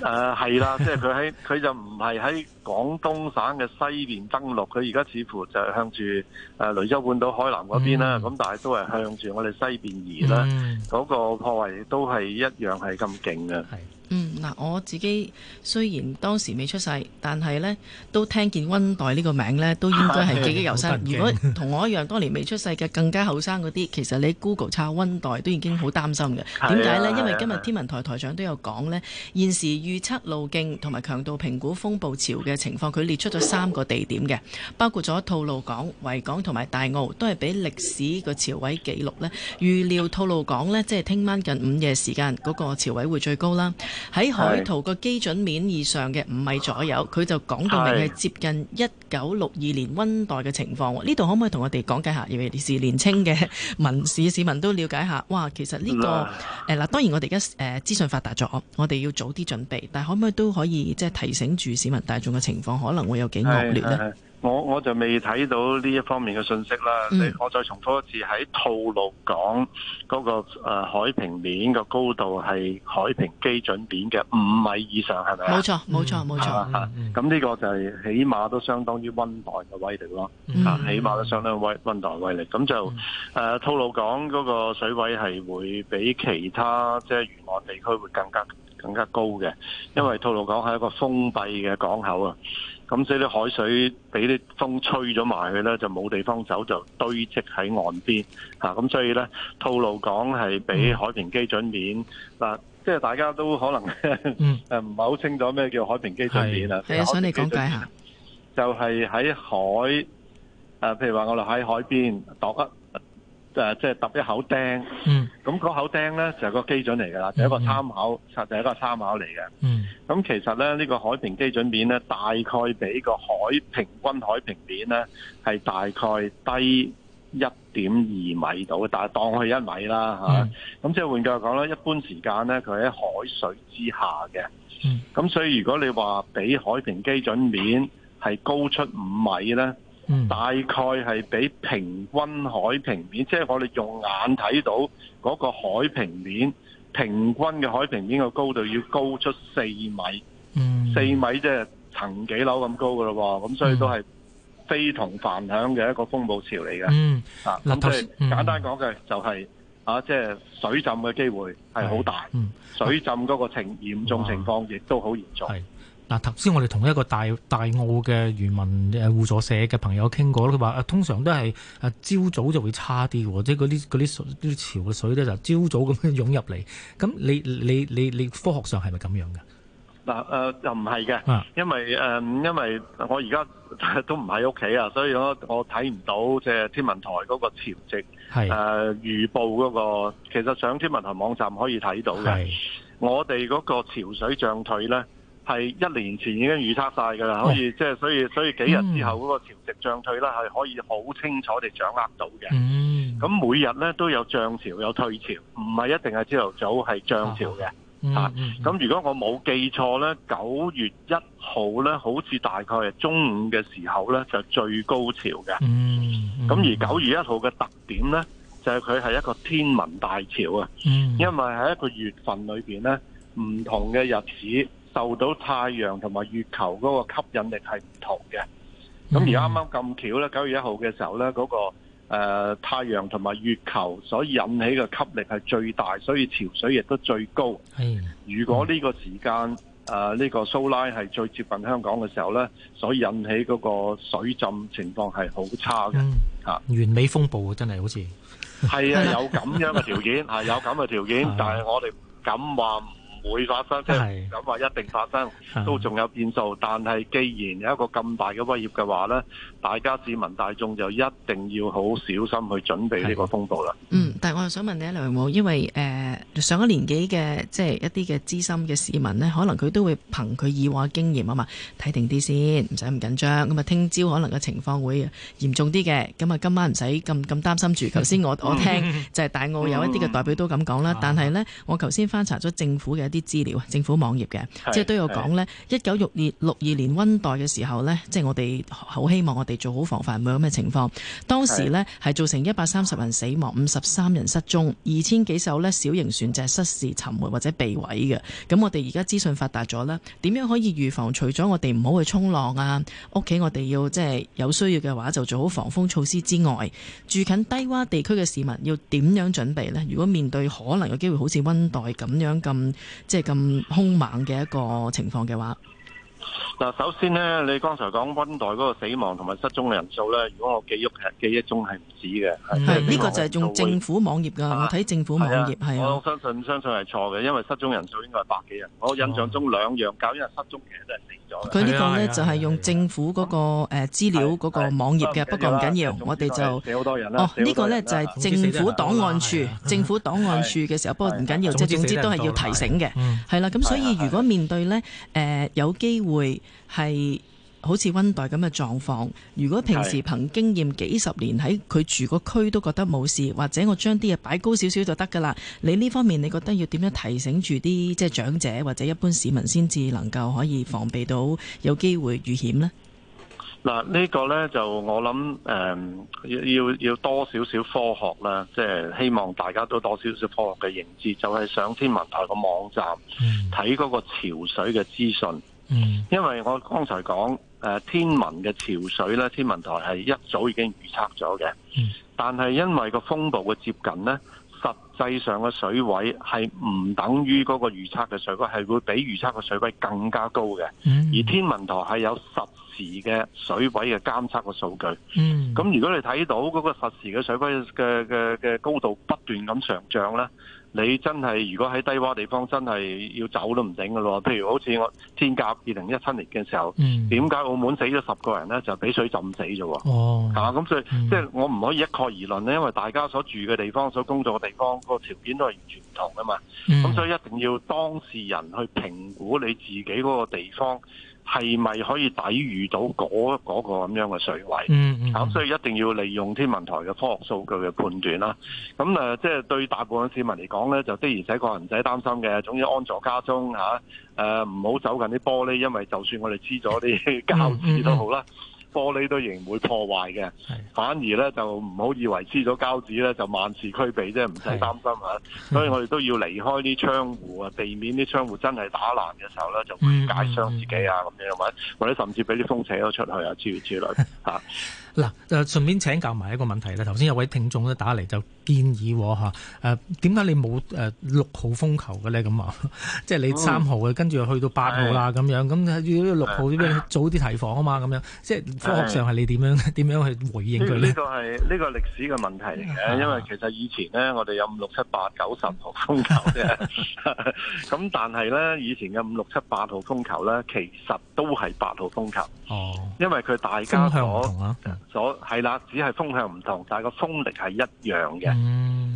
個誒係啦，即係佢喺佢就唔係喺廣東省嘅西邊登陸，佢而家似乎就向住誒、呃、雷州半島海南嗰邊啦。咁、嗯、但係都係向住我哋西邊移啦，嗰、嗯、個破壞力都係一樣係咁勁嘅。嗯，嗱、啊，我自己雖然當時未出世，但係呢都聽見温黛呢個名呢都應該係記憶猶新。哎、呀如果同我一樣當年未出世嘅更加後生嗰啲，其實你 Google 查温黛都已經好擔心嘅。點解、哎、呀呢？因為今日天，天文台台長都有講呢現時預測路徑同埋強度評估風暴潮嘅情況，佢列出咗三個地點嘅，包括咗吐露港、維港同埋大澳，都係比歷史個潮位記錄呢預料吐露港呢，即係聽晚近午夜時間嗰、那個潮位會最高啦。喺海圖個基準面以上嘅五米左右，佢是就講到明係接近一九六二年溫黛嘅情況。呢度是可唔可以同我哋講解下，尤其是年輕嘅民市市民都了解一下？哇，其實呢、這個誒嗱唉，當然我哋而家誒資訊發達咗，我哋要早啲準備，但係可唔可以都可以即係提醒住市民大眾嘅情況可能會有幾惡劣呢？我我就未睇到呢一方面嘅信息啦。嗯、我再重複一次，喺吐露港嗰、那個、呃、海平面嘅高度係海平基準點嘅五米以上，係咪？冇錯，冇錯，冇、嗯啊、錯。咁呢、嗯、個就係起碼都相當於溫帶嘅威力咯、嗯啊。起碼都相當於溫溫帶威力。咁、嗯、就誒、呃、吐露港嗰個水位係會比其他即係、就是、沿岸地區會更加更加高嘅，因為吐露港係一個封閉嘅港口啊。咁所以啲海水俾啲風吹咗埋去咧，就冇地方走，就堆積喺岸邊吓。咁所以咧，套路講係俾海平基準面嗱，即係、mm. 大家都可能唔係好清楚咩叫海平基準面啊？想你講解下，就係喺海譬、mm. 如話我哋喺海邊度一。就、啊、即係揼一口釘，咁嗰、嗯、口釘咧就係、是、個基準嚟㗎啦，嗯、第一個參考，實、就、第、是、一個參考嚟嘅。咁、嗯、其實咧，呢、這個海平基準面咧，大概比個海平均海平面咧係大概低一點二米度，但係當佢一米啦咁、嗯啊、即係換句話講咧，一般時間咧，佢喺海水之下嘅。咁、嗯、所以如果你話比海平基準面係高出五米咧？嗯、大概係比平均海平面，即、就、係、是、我哋用眼睇到嗰個海平面平均嘅海平面嘅高度，要高出四米。嗯，四米即係層幾樓咁高噶咯？咁所以都係非同凡響嘅一個風暴潮嚟嘅，嗯。嗯，啊，咁即係簡單講嘅就係啊，即係水浸嘅機會係好大，水浸嗰個情嚴重情況亦都好嚴重。嗱，頭先我哋同一個大大澳嘅漁民誒互助社嘅朋友傾過，佢話誒通常都係誒朝早就會差啲嘅，即係嗰啲啲水、啲潮嘅水咧就朝早咁樣湧入嚟。咁你你你你科學上係咪咁樣㗎？嗱，誒又唔係嘅，因為誒、呃、因為我而家都唔喺屋企啊，所以咧我睇唔到即係天文台嗰個潮汐係誒預報嗰、嗰個，其實上天文台網站可以睇到嘅。的我哋嗰個潮水漲退咧，係一年前已經預測晒噶啦，可以即係所以所以，所以幾日之後嗰個潮汐漲退呢，係可以好清楚地掌握到嘅。咁每日咧都有漲潮有退潮，唔係一定係朝頭早係漲潮嘅。咁、啊嗯嗯、如果我冇記錯咧，九月一號咧，好似大概係中午嘅時候咧就係、最高潮嘅。咁、嗯嗯、而九月一號嘅特點咧，就係佢係一個天文大潮啊，嗯、因為喺一個月份裏面咧，唔同嘅日子。受到太陽同埋月球嗰個吸引力係唔同嘅，咁而家啱啱咁巧咧，九月一號嘅時候咧，嗰、那個誒、呃、太陽同埋月球所引起嘅吸力係最大，所以潮水亦都最高。係，如果呢個時間誒呢個蘇拉係最接近香港嘅時候咧，所以引起嗰個水浸情況係好差嘅吓、嗯，完美風暴啊，真係好似係啊，有咁樣嘅條件，係 有咁嘅條件，但係我哋敢話。會發生，即係唔敢話一定發生，都仲有變數。但係既然有一個咁大嘅威脅嘅話咧。大家市民大眾就一定要好小心去準備呢個風暴啦。嗯，但係我又想問你一兩句，因為誒、呃、上咗年紀嘅即係一啲嘅資深嘅市民呢，可能佢都會憑佢以往嘅經驗啊嘛睇定啲先看一些，唔使咁緊張。咁啊，聽朝可能嘅情況會嚴重啲嘅。咁啊，今晚唔使咁咁擔心住。頭先我我聽就係大澳有一啲嘅代表都咁講啦。但係呢，嗯、我頭先翻查咗政府嘅一啲資料，政府網頁嘅，即係都有講呢。一九六二六二年溫黛嘅時候呢，即係我哋好希望我哋。做好防範，唔會有咩情況。當時咧係造成一百三十人死亡、五十三人失蹤、二千幾艘咧小型船隻失事沉沒或者被毀嘅。咁我哋而家資訊發達咗啦，點樣可以預防？除咗我哋唔好去衝浪啊，屋企我哋要即係有需要嘅話，就做好防風措施之外，住近低洼地區嘅市民要點樣準備呢？如果面對可能嘅機會好像溫，好似溫帶咁樣咁即係咁兇猛嘅一個情況嘅話？嗱，首先咧，你剛才講溫黛嗰個死亡同埋失蹤嘅人數咧，如果我記憶係記憶中係唔止嘅，係呢、嗯、個就係用政府網頁噶，我睇政府網頁係、啊啊、我相信是、啊、我相信係錯嘅，因為失蹤人數應該係百幾人，我印象中兩樣，哦、搞因為失蹤其實都係死。佢呢個呢就係用政府嗰個誒資料嗰個網頁嘅，不過唔緊要，我哋就哦呢、呢個呢就係政府檔案處，政府檔案處嘅時候，不過唔緊要，即係總之都係要提醒嘅，係啦。咁所以如果面對呢，誒、呃、有機會係。好似溫黛咁嘅狀況，如果平時憑經驗幾十年喺佢住個區都覺得冇事，或者我將啲嘢擺高少少就得噶啦。你呢方面你覺得要點樣提醒住啲即係長者或者一般市民先至能夠可以防備到有機會遇險呢？嗱，呢個呢，就我諗、呃、要要多少少科學啦，即係希望大家都多少少科學嘅認知，就係上天文台個網站睇嗰個潮水嘅資訊。因為我剛才講。誒，天文嘅潮水咧，天文台係一早已經預測咗嘅，但係因為個風暴嘅接近咧，實際上嘅水位係唔等於嗰個預測嘅水位，係會比預測嘅水位更加高嘅。而天文台係有實時嘅水位嘅監測嘅數據。嗯，咁如果你睇到嗰個實時嘅水位嘅嘅嘅高度不斷咁上漲咧，你真係如果喺低洼地方真係要走都唔頂㗎咯，譬如好似我天鴿二零一七年嘅時候，點解、嗯、澳門死咗十個人呢？就俾水浸死咗喎。咁、哦啊、所以、嗯、即係我唔可以一概而論呢，因為大家所住嘅地方、所工作嘅地方、個條件都係完全唔同㗎嘛，咁、嗯、所以一定要當事人去評估你自己嗰個地方。係咪可以抵禦到嗰個咁樣嘅水位？咁、嗯嗯啊、所以一定要利用天文台嘅科學數據嘅判斷啦、啊。咁即係對大部分市民嚟講咧，就的而且確係唔使擔心嘅。總之安坐家中唔好、啊啊、走近啲玻璃，因為就算我哋黐咗啲膠紙都好啦。嗯嗯嗯玻璃都仍會破壞嘅，反而咧就唔好以為黐咗膠紙咧就萬事俱備啫，唔使擔心的所以我哋都要離開啲窗戶啊，避免啲窗戶真係打爛嘅時候咧，就會解傷自己啊，咁樣或或者甚至俾啲風扯咗出去啊，諸如之類，之類。 嗱，就、啊、順便請教埋一個問題咧。頭先有位聽眾咧打嚟就建議我：啊「誒，點解你冇誒六號風球嘅咧？咁 啊，即係你三號嘅，跟住去到八號啦，咁、嗯、樣，咁果六號都要、嗯、早啲提防啊嘛，咁樣，即、就、係、是、科學上係你點樣點、嗯、樣去回應佢呢？呢個係呢個歷史嘅問題嚟嘅，因為其實以前呢，我哋有五六七八九十號風球嘅，咁 但係咧，以前嘅五六七八號風球咧，其實都係八號風球，哦，因為佢大家風向不同、啊我係啦，只係風向唔同，但係個風力係一樣嘅。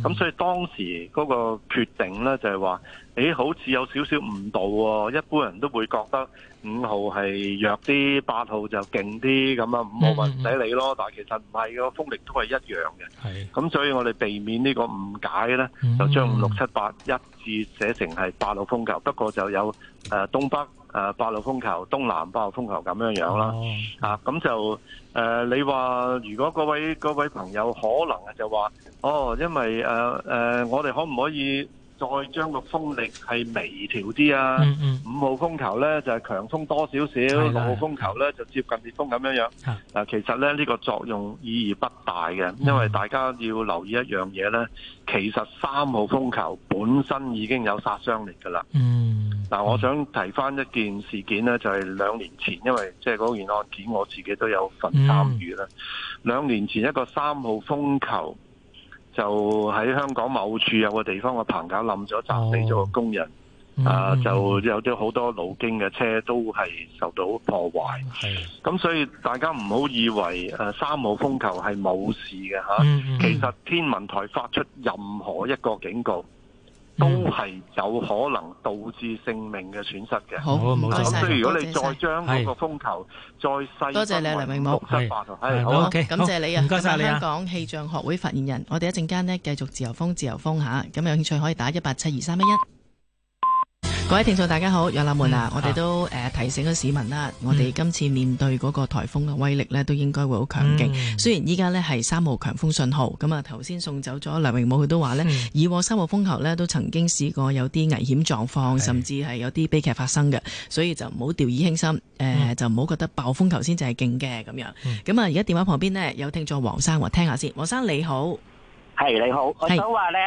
咁、嗯、所以當時嗰個決定咧，就係話，誒好似有少少誤導喎、哦，一般人都會覺得五號係弱啲，八號就勁啲咁啊，咪冇話唔使理咯。嗯、但係其實唔係嘅，風力都係一樣嘅。咁的所以我哋避免呢個誤解咧，就將五六七八一致寫成係八號風球，不過就有誒、呃、東北。誒八號風球，東南八號風球咁樣樣啦，嗯、啊咁就誒、呃、你話，如果嗰位各位朋友可能啊，就話哦，因為誒誒、呃呃，我哋可唔可以，再將個風力係微調啲啊，五、mm hmm. 號風球呢，就係、是、強風多少少，六、mm hmm. 號風球呢，就接近烈風咁樣樣。嗱、mm hmm. 啊，其實呢呢、呢個作用意義不大嘅，因為大家要留意一樣嘢呢，其實三號風球本身已經有殺傷力㗎啦。嗱、mm hmm. 啊，我想提翻一件事件呢，就係、是、兩年前，因為即係嗰件案件我自己都有份參與啦。Mm hmm. 兩年前一個三號風球。就喺香港某處有個地方個棚架冧咗，砸死咗個工人。Oh. Mm hmm. 啊，就有啲好多路經嘅車都係受到破壞。咁、mm hmm. 所以大家唔好以為誒三、啊、號風球係冇事嘅吓，啊 mm hmm. 其實天文台發出任何一個警告。嗯、都係有可能導致性命嘅損失嘅。好，唔該曬，如果你再將嗰個風球再細分為六級，係好 OK。多謝你啊，梁榮武，多謝你啊，唔該曬你啊。香港氣象學會發言人，我哋一陣間呢繼續自由風，自由風嚇。咁有興趣可以打一八七二三一一。各位聽眾，大家好，楊立門啊，嗯、啊我哋都誒、呃、提醒咗市民啦。嗯、我哋今次面對嗰個颱風嘅威力呢，都應該會好強勁。嗯、雖然依家呢係三號強風信號，咁啊頭先送走咗梁榮武，佢都話呢以往三號風球呢都曾經試過有啲危險狀況，是甚至係有啲悲劇發生嘅，所以就唔好掉以輕心。誒、呃嗯、就唔好覺得暴風球先至係勁嘅咁樣。咁啊而家電話旁邊呢，有聽眾黃生話，聽下先。黃生你好，係你好，我想話呢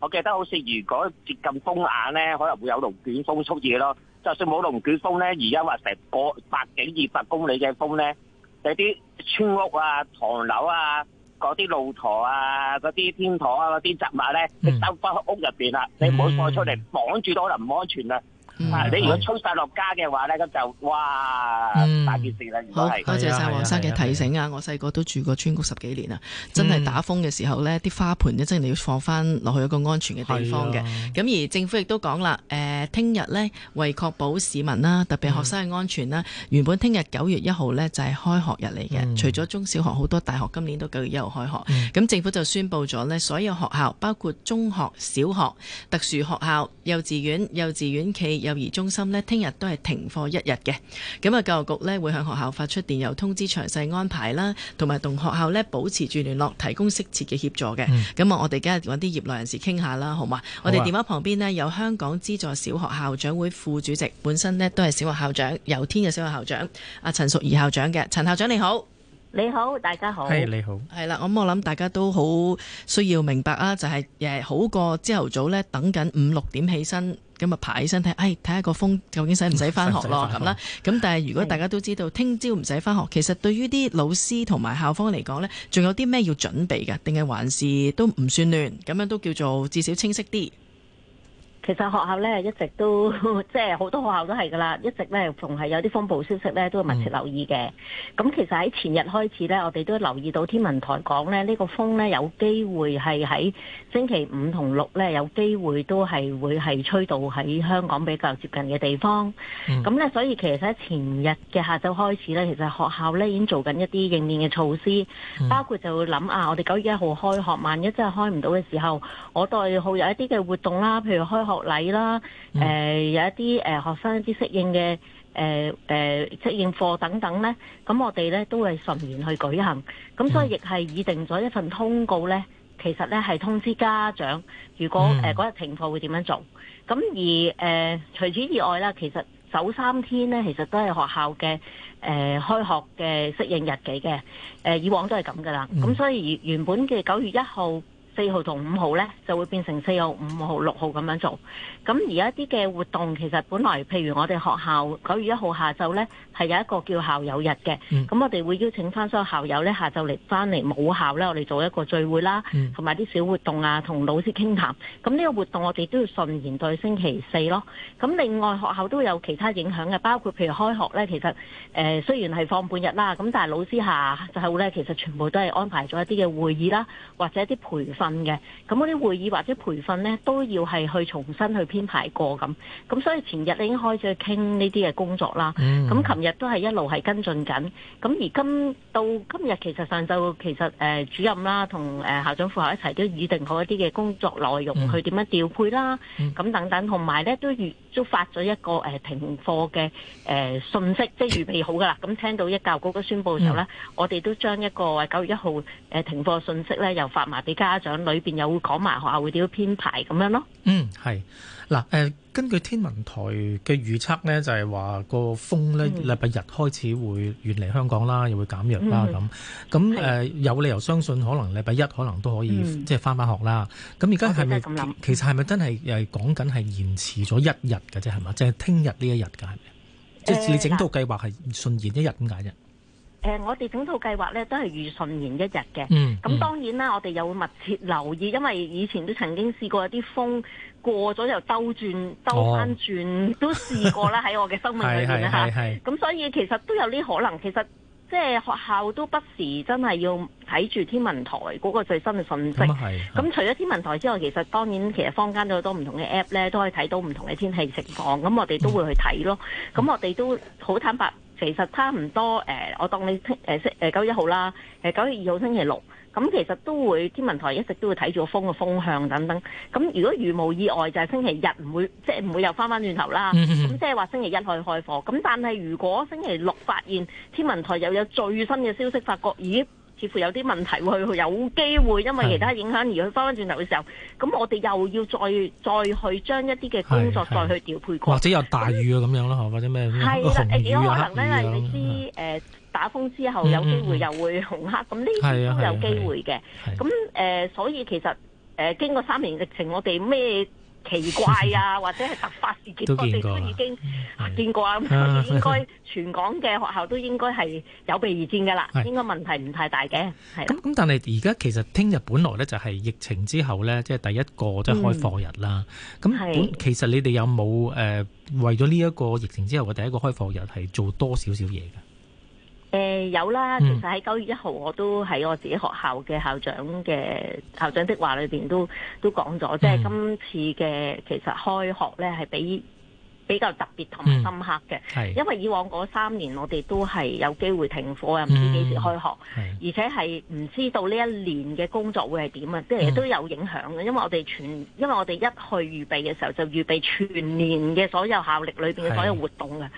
我記得好似如果接近風眼咧，可能會有龍捲風出現咯。就算冇龍捲風咧，而家話成個百幾二百公里嘅風咧，你啲村屋啊、唐樓啊、嗰啲露台啊、嗰啲天台啊嗰啲雜物咧，你收翻屋入面啦，你唔好再出嚟，綁住都可能唔安全啦。你如果沖晒落街嘅話呢，咁就哇大件事啦！好，多謝晒黃生嘅提醒啊！我細個都住過村屋十幾年啦，真係打風嘅時候呢啲花盆呢，真係你要放翻落去一個安全嘅地方嘅。咁而政府亦都講啦，誒，聽日呢，為確保市民啦，特別學生嘅安全啦，原本聽日九月一號呢，就係開學日嚟嘅，除咗中小學，好多大學今年都九月一號開學。咁政府就宣布咗呢所有學校包括中學、小學、特殊學校、幼稚園、幼稚園企。幼兒中心呢，聽日都係停課一日嘅。咁啊，教育局呢會向學校發出電郵通知，詳細安排啦，同埋同學校呢保持住聯絡，提供適切嘅協助嘅。咁、嗯、啊，我哋梗係搵啲業內人士傾下啦，好嘛？我哋電話旁邊呢，有香港資助小學校長會副主席，本身呢都係小學校長，油天嘅小學校長，阿陳淑儀校長嘅。陳校長你好，你好，大家好。係、hey, 你好，係啦。咁、嗯、我諗大家都好需要明白啊，就係、是、誒好過朝頭早呢，等緊五六點起身。咁啊，爬起身睇，哎，睇下個風究竟使唔使返學咯，咁啦。咁但係如果大家都知道聽朝唔使返學，其實對於啲老師同埋校方嚟講呢，仲有啲咩要準備嘅，定係還是都唔算亂，咁樣都叫做至少清晰啲。其實學校咧一直都即係好多學校都係㗎啦，一直咧逢係有啲風暴消息咧都會密切留意嘅。咁、嗯、其實喺前日開始咧，我哋都留意到天文台講咧呢個風咧有機會係喺星期五同六咧有機會都係會係吹到喺香港比較接近嘅地方。咁咧、嗯、所以其實喺前日嘅下晝開始咧，其實學校咧已經做緊一啲應變嘅措施，包括就會諗啊，我哋九月一號開學，萬一真係開唔到嘅時候，我代好有一啲嘅活動啦，譬如開學禮啦，誒、嗯呃、有一啲誒、呃、學生一啲適應嘅誒誒適應課等等咧，咁我哋咧都會順延去舉行，咁所以亦係擬定咗一份通告，咧，其實咧係通知家長，如果誒嗰日停課會點樣做，咁、嗯、而誒、呃、除此以外啦，其實首三天咧，其實都係學校嘅誒、呃、開學嘅適應日期嘅，誒、呃、以往都係咁噶啦，咁、嗯、所以原本嘅九月一號。四號同五號呢就會變成四號、五號、六號咁樣做。咁而家啲嘅活動其實本來，譬如我哋學校九月一號下晝呢係有一個叫校友日嘅。咁、mm. 我哋會邀請翻所有校友呢，下晝嚟翻嚟母校呢，我哋做一個聚會啦，同埋啲小活動啊，同老師傾談。咁呢個活動我哋都要順延到星期四咯。咁另外學校都有其他影響嘅，包括譬如開學呢，其實誒、呃、雖然係放半日啦，咁但係老師下就係會呢，其實全部都係安排咗一啲嘅會議啦，或者一啲培訓。嘅，咁嗰啲會議或者培訓呢，都要係去重新去編排過。咁，咁所以前日已經開始去傾呢啲嘅工作啦，咁琴日都係一路係跟進緊，咁而今到今日其實上晝其實誒、呃、主任啦同誒校長副校一齊都擬定好一啲嘅工作內容、嗯、去點樣調配啦，咁、嗯、等等，同埋呢都預。都發咗一個誒、呃、停課嘅誒信息，即係預備好噶啦。咁 聽到一教育局嘅宣布嘅時候咧，嗯、我哋都將一個誒九月一號誒停課信息咧，又發埋俾家長，裏邊又會講埋學校會點樣編排咁樣咯。嗯，係。嗱，誒根據天文台嘅預測咧，就係話個風咧，禮拜日開始會遠離香港啦，又會減弱啦，咁咁有理由相信可能禮拜一可能都可以即係返返學啦。咁而家係咪咁諗？其實係咪真係誒講緊係延遲咗一日㗎啫？係嘛，即係聽日呢一日㗎，即係你整套計劃係順延一日咁解啫。誒，我哋整套計劃咧都係預順延一日嘅。咁當然啦，我哋又密切留意，因為以前都曾經試過一啲風。過咗又兜轉兜翻轉，轉轉轉 oh。都試過啦，喺我嘅生命裏邊啦，咁所以其實都有呢可能。其實即係學校都不時真係要睇住天文台嗰個最新嘅信息。咁除咗天文台之外，其實當然其實坊間都有好多唔同嘅 app 咧，都可以睇到唔同嘅天氣情況。咁我哋都會去睇咯。咁、嗯、我哋都好坦白。其實差唔多誒，我當你聽誒星誒九月一號啦，誒九月二號星期六，咁其實都會天文台一直都會睇住個風嘅風向等等。咁如果如無意外就係星期日唔會，即係唔會又翻翻轉頭啦。咁即係話星期一去開課。咁但係如果星期六發現天文台又有最新嘅消息，發覺咦？似乎有啲問題，會去有機會，因為其他影響而去翻翻轉頭嘅時候，咁是我哋又要再再去將一啲嘅工作再去調配過，或者有大雨啊咁樣咯，那或者咩？係啦，啊，幾、啊、可能咧、就是？你知誒、呃、打風之後有機會又會紅黑，咁呢啲都有機會嘅。咁誒、呃，所以其實誒、呃、經過三年疫情，我哋咩？奇怪啊，或者係突發事件， 都我哋都已經見過啊。咁的應該全港嘅學校都應該係有備而戰噶啦，的應該問題唔太大嘅。係咁咁，但係而家其實聽日本來咧，就係疫情之後咧，即係第一個即係開課日啦。咁其實你哋有冇誒為咗呢一個疫情之後嘅第一個開課日係、嗯呃、做多少少嘢嘅？誒、呃，有啦，其實喺九月一號，我都喺我自己學校嘅校長嘅校長的話裏邊都都講咗，嗯、即係今次嘅其實開學咧係比。比較特別同深刻嘅，嗯、因為以往嗰三年我哋都係有機會停課啊，唔知幾時開學，嗯、是而且係唔知道呢一年嘅工作會係點啊，即係、嗯、都有影響嘅。因為我哋全，因為我哋一去預備嘅時候就預備全年嘅所有效力裏邊嘅所有活動啊。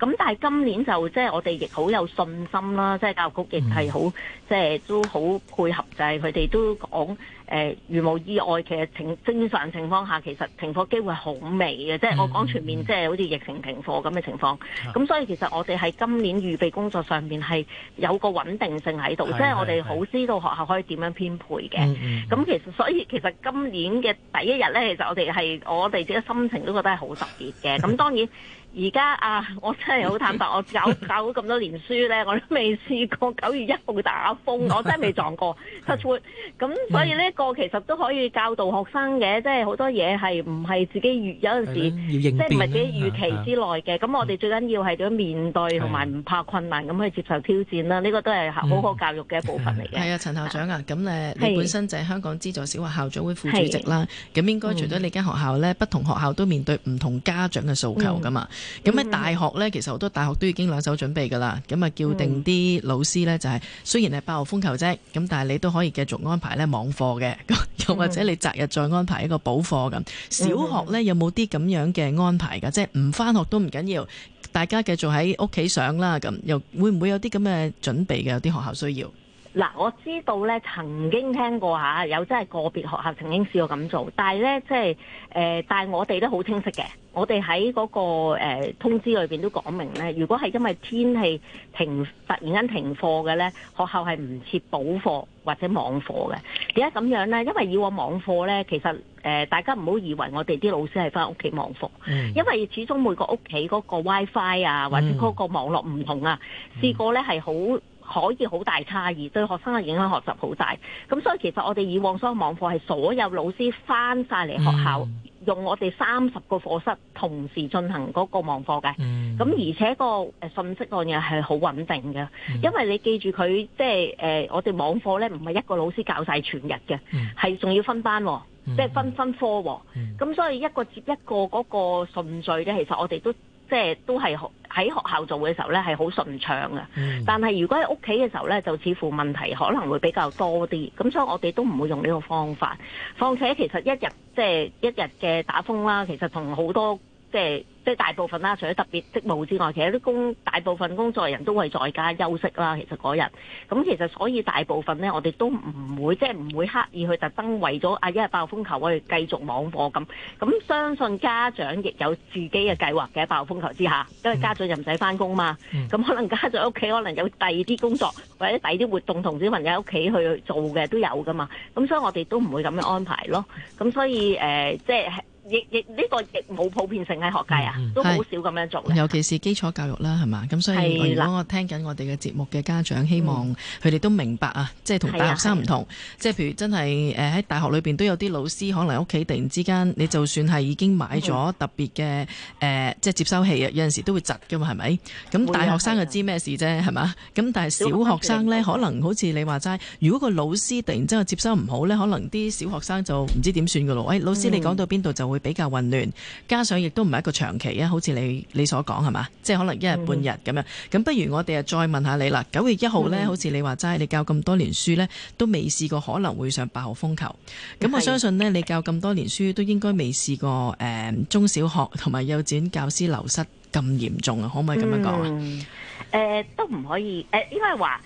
咁但係今年就即係我哋亦好有信心啦，即係教育局亦係好，嗯、即係都好配合，就係佢哋都講誒，如、呃、無意外，其實正常情況下其實停課機會好微嘅，即係我講全面、嗯即係好似疫情停課咁嘅情況，咁所以其實我哋喺今年預備工作上面係有個穩定性喺度，即係是我哋好知道學校可以點樣編配嘅。咁、嗯嗯、其實所以其實今年嘅第一日呢，其實我哋係我哋自己心情都覺得係好特別嘅。咁當然。 而家啊，我真係好坦白，我搞搞咗咁多年書咧，我都未試過九月一號打風，我真係未撞過。咁 所以呢個其實都可以教導學生嘅，即係好多嘢係唔係自己預有陣時，即係唔係自己預期之內嘅。咁我哋最緊要係點樣面對同埋唔怕困難，咁去接受挑戰啦。呢個都係好好教育嘅一部分嚟嘅。係啊，陳校長啊，咁的你本身就係香港資助小學校長會副主席啦。咁應該除咗你間學校咧，的不同學校都面對唔同家長嘅訴求噶嘛。咁喺大學呢，其實好多大學都已經兩手準備噶啦，咁啊、mm hmm. 叫定啲老師呢，就係、是、雖然係八號風球啫，咁但係你都可以繼續安排咧網課嘅，又、mm hmm. 或者你隔日再安排一個補課咁。小學呢，有冇啲咁樣嘅安排噶？Mm hmm. 即係唔翻學都唔緊要，大家繼續喺屋企上啦。咁又會唔會有啲咁嘅準備嘅？有啲學校需要。嗱，我知道咧，曾經聽過下、啊，有真係個別學校曾經試過咁做，但係咧，即係誒、呃，但係我哋都好清晰嘅，我哋喺嗰個、呃、通知裏面都講明咧，如果係因為天氣停，突然間停課嘅咧，學校係唔設補課或者網課嘅。點解咁樣咧？因為以往網課咧，其實誒、呃、大家唔好以為我哋啲老師係翻屋企網課，嗯、因為始終每個屋企嗰個 WiFi 啊，或者嗰個網絡唔同啊，嗯嗯、試過咧係好。可以好大差異，對學生嘅影響學習好大。咁所以其實我哋以往所有網課係所有老師返晒嚟學校，嗯、用我哋三十個課室同時進行嗰個網課嘅。咁、嗯、而且個信息個嘢係好穩定嘅，嗯、因為你記住佢即係誒我哋網課呢，唔係一個老師教晒全日嘅，係仲、嗯、要分班、哦，即係、嗯、分分科、哦。咁、嗯、所以一個接一個嗰個順序呢，其實我哋都。即係都係喺學校做嘅時候咧，係好順暢嘅。嗯、但係如果喺屋企嘅時候咧，就似乎問題可能會比較多啲。咁所以我哋都唔會用呢個方法。況且其實一日即係一日嘅打風啦，其實同好多即係。即係即係大部分啦，除咗特別職務之外，其實啲工大部分工作人都會在家休息啦。其實嗰日，咁其實所以大部分咧，我哋都唔會即係唔會刻意去特登為咗啊一係爆風球我去繼續網課咁。咁相信家長亦有自己嘅計劃嘅，喺爆風球之下，因為家長又唔使返工嘛。咁可能家長屋企可能有第二啲工作或者第二啲活動同小朋友喺屋企去做嘅都有㗎嘛。咁所以我哋都唔會咁樣安排咯。咁所以誒，即、呃、係。就是亦亦呢個亦冇普遍性嘅學界啊，都好少咁樣做。尤其是基礎教育啦，係嘛？咁所以的如果我聽緊我哋嘅節目嘅家長，嗯、希望佢哋都明白啊，嗯、即係同大學生唔同。是是即係譬如真係誒喺大學裏邊都有啲老師，可能屋企突然之間，你就算係已經買咗特別嘅誒，即係接收器啊，有陣時都會窒㗎嘛，係咪？咁大學生就知咩事啫，係嘛？咁但係小學生呢，嗯、可能好似你話齋，如果個老師突然之間接收唔好呢，可能啲小學生就唔知點算㗎咯。誒、哎，老師你講到邊度就？會比較混亂，加上亦都唔係一個長期啊，好似你你所講係嘛，即係可能一日半日咁樣。咁、嗯、不如我哋啊再問下你啦。九月一號呢，嗯、好似你話齋，你教咁多年書呢，都未試過可能會上八號風球。咁我相信呢，你教咁多年書，都應該未試過誒、嗯，中小學同埋幼稚園教師流失咁嚴重啊？可唔可以咁樣講啊？誒、嗯呃，都唔可以誒，應該話。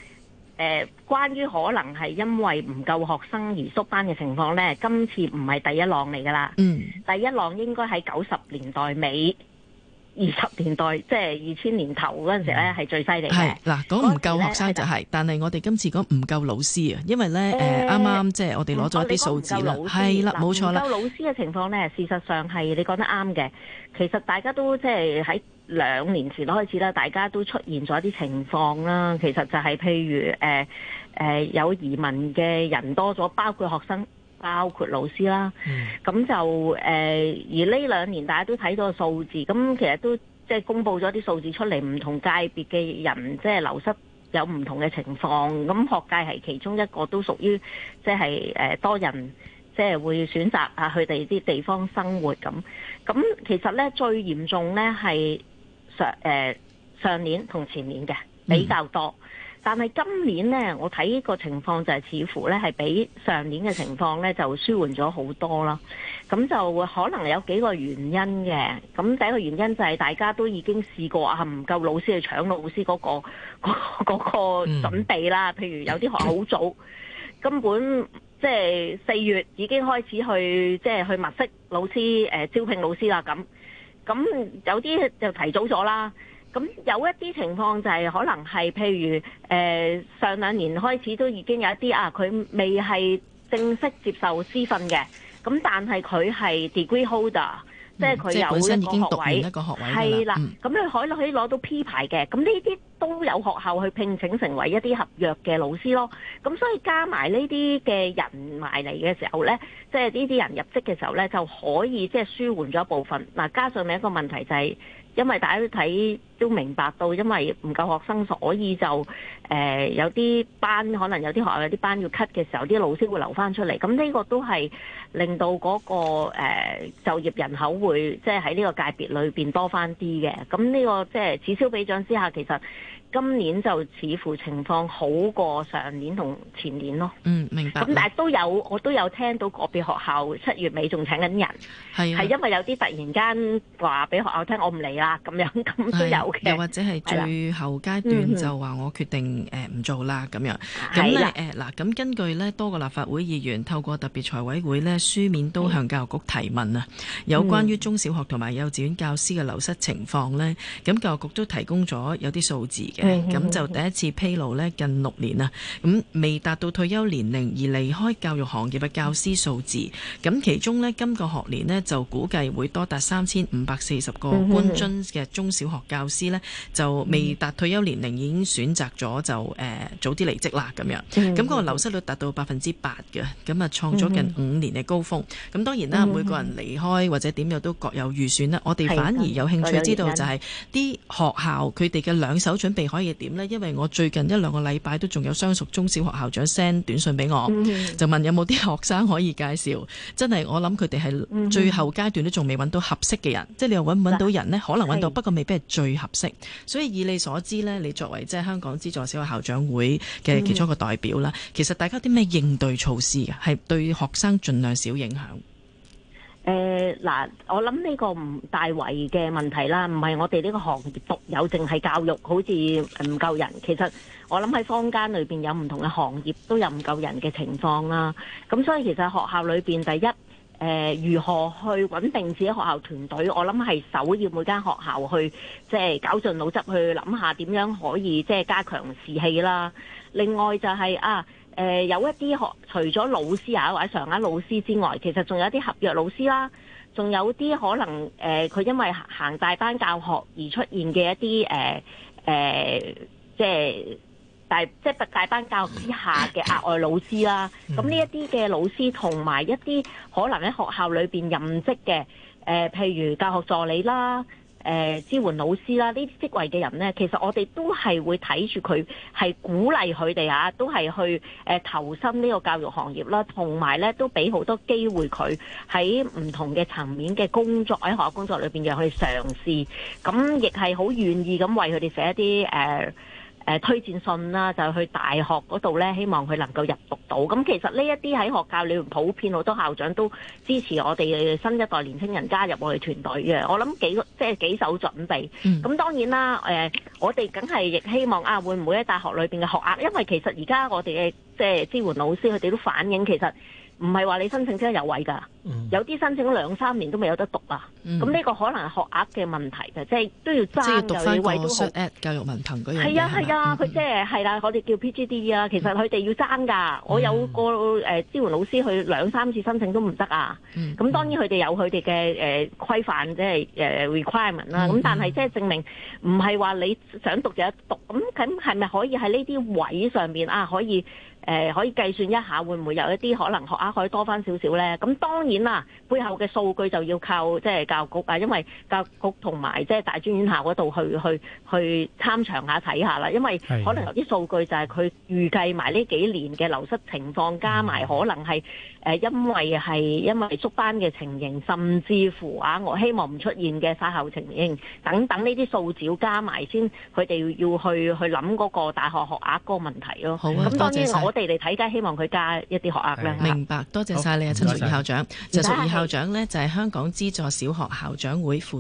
誒、呃，關於可能係因為唔夠學生而縮班嘅情況呢，今次唔係第一浪嚟噶啦。嗯，第一浪應該喺九十年代尾、二十年代，即係二千年頭嗰陣時呢，係最犀利嘅。係嗱，講唔夠學生就係、是，是但係我哋今次講唔夠老師啊，因為呢誒，啱啱即係我哋攞咗一啲數字係啦，冇錯啦。唔夠老師嘅的情況呢，事實上係你講得啱嘅。其實大家都即係喺。兩年前開始啦，大家都出現咗啲情況啦。其實就係譬如誒誒、呃呃、有移民嘅人多咗，包括學生、包括老師啦。咁、嗯、就誒、呃，而呢兩年大家都睇到個數字，咁其實都即係、就是、公佈咗啲數字出嚟，唔同界別嘅人即係、就是、流失有唔同嘅情況。咁學界係其中一個都屬於即係誒多人即係、就是、會選擇啊，佢哋啲地方生活咁。咁其實咧最嚴重咧係。上、呃、上年同前年嘅比較多，嗯、但係今年呢，我睇個情況就係似乎呢係比上年嘅情況呢就舒緩咗好多啦。咁就可能有幾個原因嘅。咁第一個原因就係大家都已經試過啊，唔夠老師去搶老師嗰個嗰個嗰個準備啦。嗯、譬如有啲學校好早，根本即係四月已經開始去即係、即係、去物色老師、呃、招聘老師啦咁。咁有啲就提早咗啦，咁有一啲情況就係可能係，譬如、呃、上兩年開始都已經有一啲啊，佢未係正式接受私訓嘅，咁但係佢係 degree holder。即係佢有一個學位，係啦、嗯，咁的、嗯、你可可以攞到 P 牌嘅，咁呢啲都有學校去聘請成為一啲合約嘅老師咯。咁所以加埋呢啲嘅人埋嚟嘅時候咧，即係呢啲人入職嘅時候咧，就可以即係、就是、舒緩咗部分。嗱，加上另一個問題就係、是。因為大家都睇都明白到，因為唔夠學生，所以就、呃、有啲班可能有啲學校有啲班要 cut 嘅時候，啲老師會留翻出嚟。咁呢個都係令到嗰、那個、呃、就業人口會即係喺呢個界別裏邊多翻啲嘅。咁呢、這個即係此消彼長之下，其實。今年就似乎情況好過上年同前年咯。嗯，明白。咁但係都有，我都有聽到個別學校七月尾仲請緊人，係係因為有啲突然間話俾學校聽我唔嚟啦，咁樣咁都有嘅。又或者係最後階段就話我決定誒唔做啦咁樣。係啦。咁咧誒嗱，咁根據咧多個立法會議員透過特別財委會咧書面都向教育局提問啊，有關於中小學同埋幼稚園教師嘅流失情況咧，咁教育局都提供咗有啲數字。咁 就第一次披露呢近六年啦，咁未達到退休年齡而離開教育行業嘅教師數字，咁其中呢今個學年呢就估計會多達三千五百四十個官津嘅中小學教師呢就未達退休年齡已經選擇咗就、呃、早啲離職啦咁樣咁、個流失率達到百分之八嘅，咁啊創咗近五年嘅高峰。咁 當然啦，每個人離開或者點樣都各有預算啦。 我哋反而有興趣知道就係、是、啲 學校佢哋嘅兩手準備。可以點呢？因為我最近一兩個禮拜都仲有相熟中小學校長 send 短信俾我，mm hmm. 就問有冇啲學生可以介紹。真係我諗佢哋係最後階段都仲未揾到合適嘅人，mm hmm. 即係你又揾唔揾到人呢？Yeah. 可能揾到，Yeah. 不過未必係最合適。所以以你所知呢，你作為即係香港資助小學校長會嘅其中一個代表啦，mm hmm. 其實大家啲咩應對措施係對學生盡量少影響？誒、嗱，我諗呢個唔大圍嘅問題啦，唔係我哋呢個行業獨有，淨係教育好似唔夠人。其實我諗喺坊間裏邊有唔同嘅行業都有唔夠人嘅情況啦。咁所以其實學校裏邊第一，誒，如何去穩定自己學校團隊，我諗係首要每間學校去即係絞盡腦汁去諗下點樣可以即係加強士氣啦。另外就係啊。誒、呃、有一啲學除咗老師啊或者常額老師之外，其實仲有啲合約老師啦，仲有啲可能誒佢、呃、因為行大班教學而出現嘅一啲誒、呃呃、即係大即係大班教學之下嘅額外老師啦、啊。咁呢一啲嘅老師同埋一啲可能喺學校裏面任職嘅誒、呃，譬如教學助理啦。誒、呃、支援老師啦，呢啲職位嘅人呢，其實我哋都係會睇住佢，係鼓勵佢哋啊，都係去誒、呃、投身呢個教育行業啦，同埋呢都俾好多機會佢喺唔同嘅層面嘅工作喺學校工作裏面嘅去嘗試，咁亦係好願意咁為佢哋寫一啲誒、呃誒推薦信啦，就去大學嗰度咧，希望佢能夠入讀到。咁其實呢一啲喺學校裏邊普遍，好多校長都支持我哋新一代年輕人加入我哋團隊嘅。我諗幾即係幾手準備。咁、嗯、當然啦，我哋梗係亦希望啊，會唔會喺大學裏面嘅學額？因為其實而家我哋嘅即係支援老師，佢哋都反映其實。唔係話你申請即係有位㗎，嗯、有啲申請兩三年都未有得讀啊！咁呢、嗯、個可能學額嘅問題嘅，即、就、係、是、都要爭嘅位都好。Add 教育文憑嗰樣係啊係啊，佢即係係啦，我哋叫 PGDE、啊、其實佢哋要爭㗎。嗯、我有個、呃、支援老師去兩三次申請都唔得啊。咁、嗯嗯、當然佢哋有佢哋嘅規範，即係、呃、requirement 啦、啊。咁、嗯、但係即係證明唔係話你想讀就一讀讀。咁咁係咪可以喺呢啲位上面啊可以？誒、呃、可以計算一下會唔會有一啲可能學額可以多翻少少呢？咁當然啦，背後嘅數據就要靠即係教育局啊，因為教育局同埋即係大專院校嗰度去去去參詳下睇下啦。因為可能有啲數據就係佢預計埋呢幾年嘅流失情況加，加埋的可能係因為係因為縮班嘅情形，甚至乎啊我希望唔出現嘅殺校情形等等呢啲數字要加埋先，佢哋要去去諗嗰個大學學額個問題咯。好、啊，多謝曬。你哋睇，而家希望佢加一啲學額啦。 明白，多謝晒你啊，陳淑儀校長。陳淑儀校長咧，就係香港資助小學校長會副。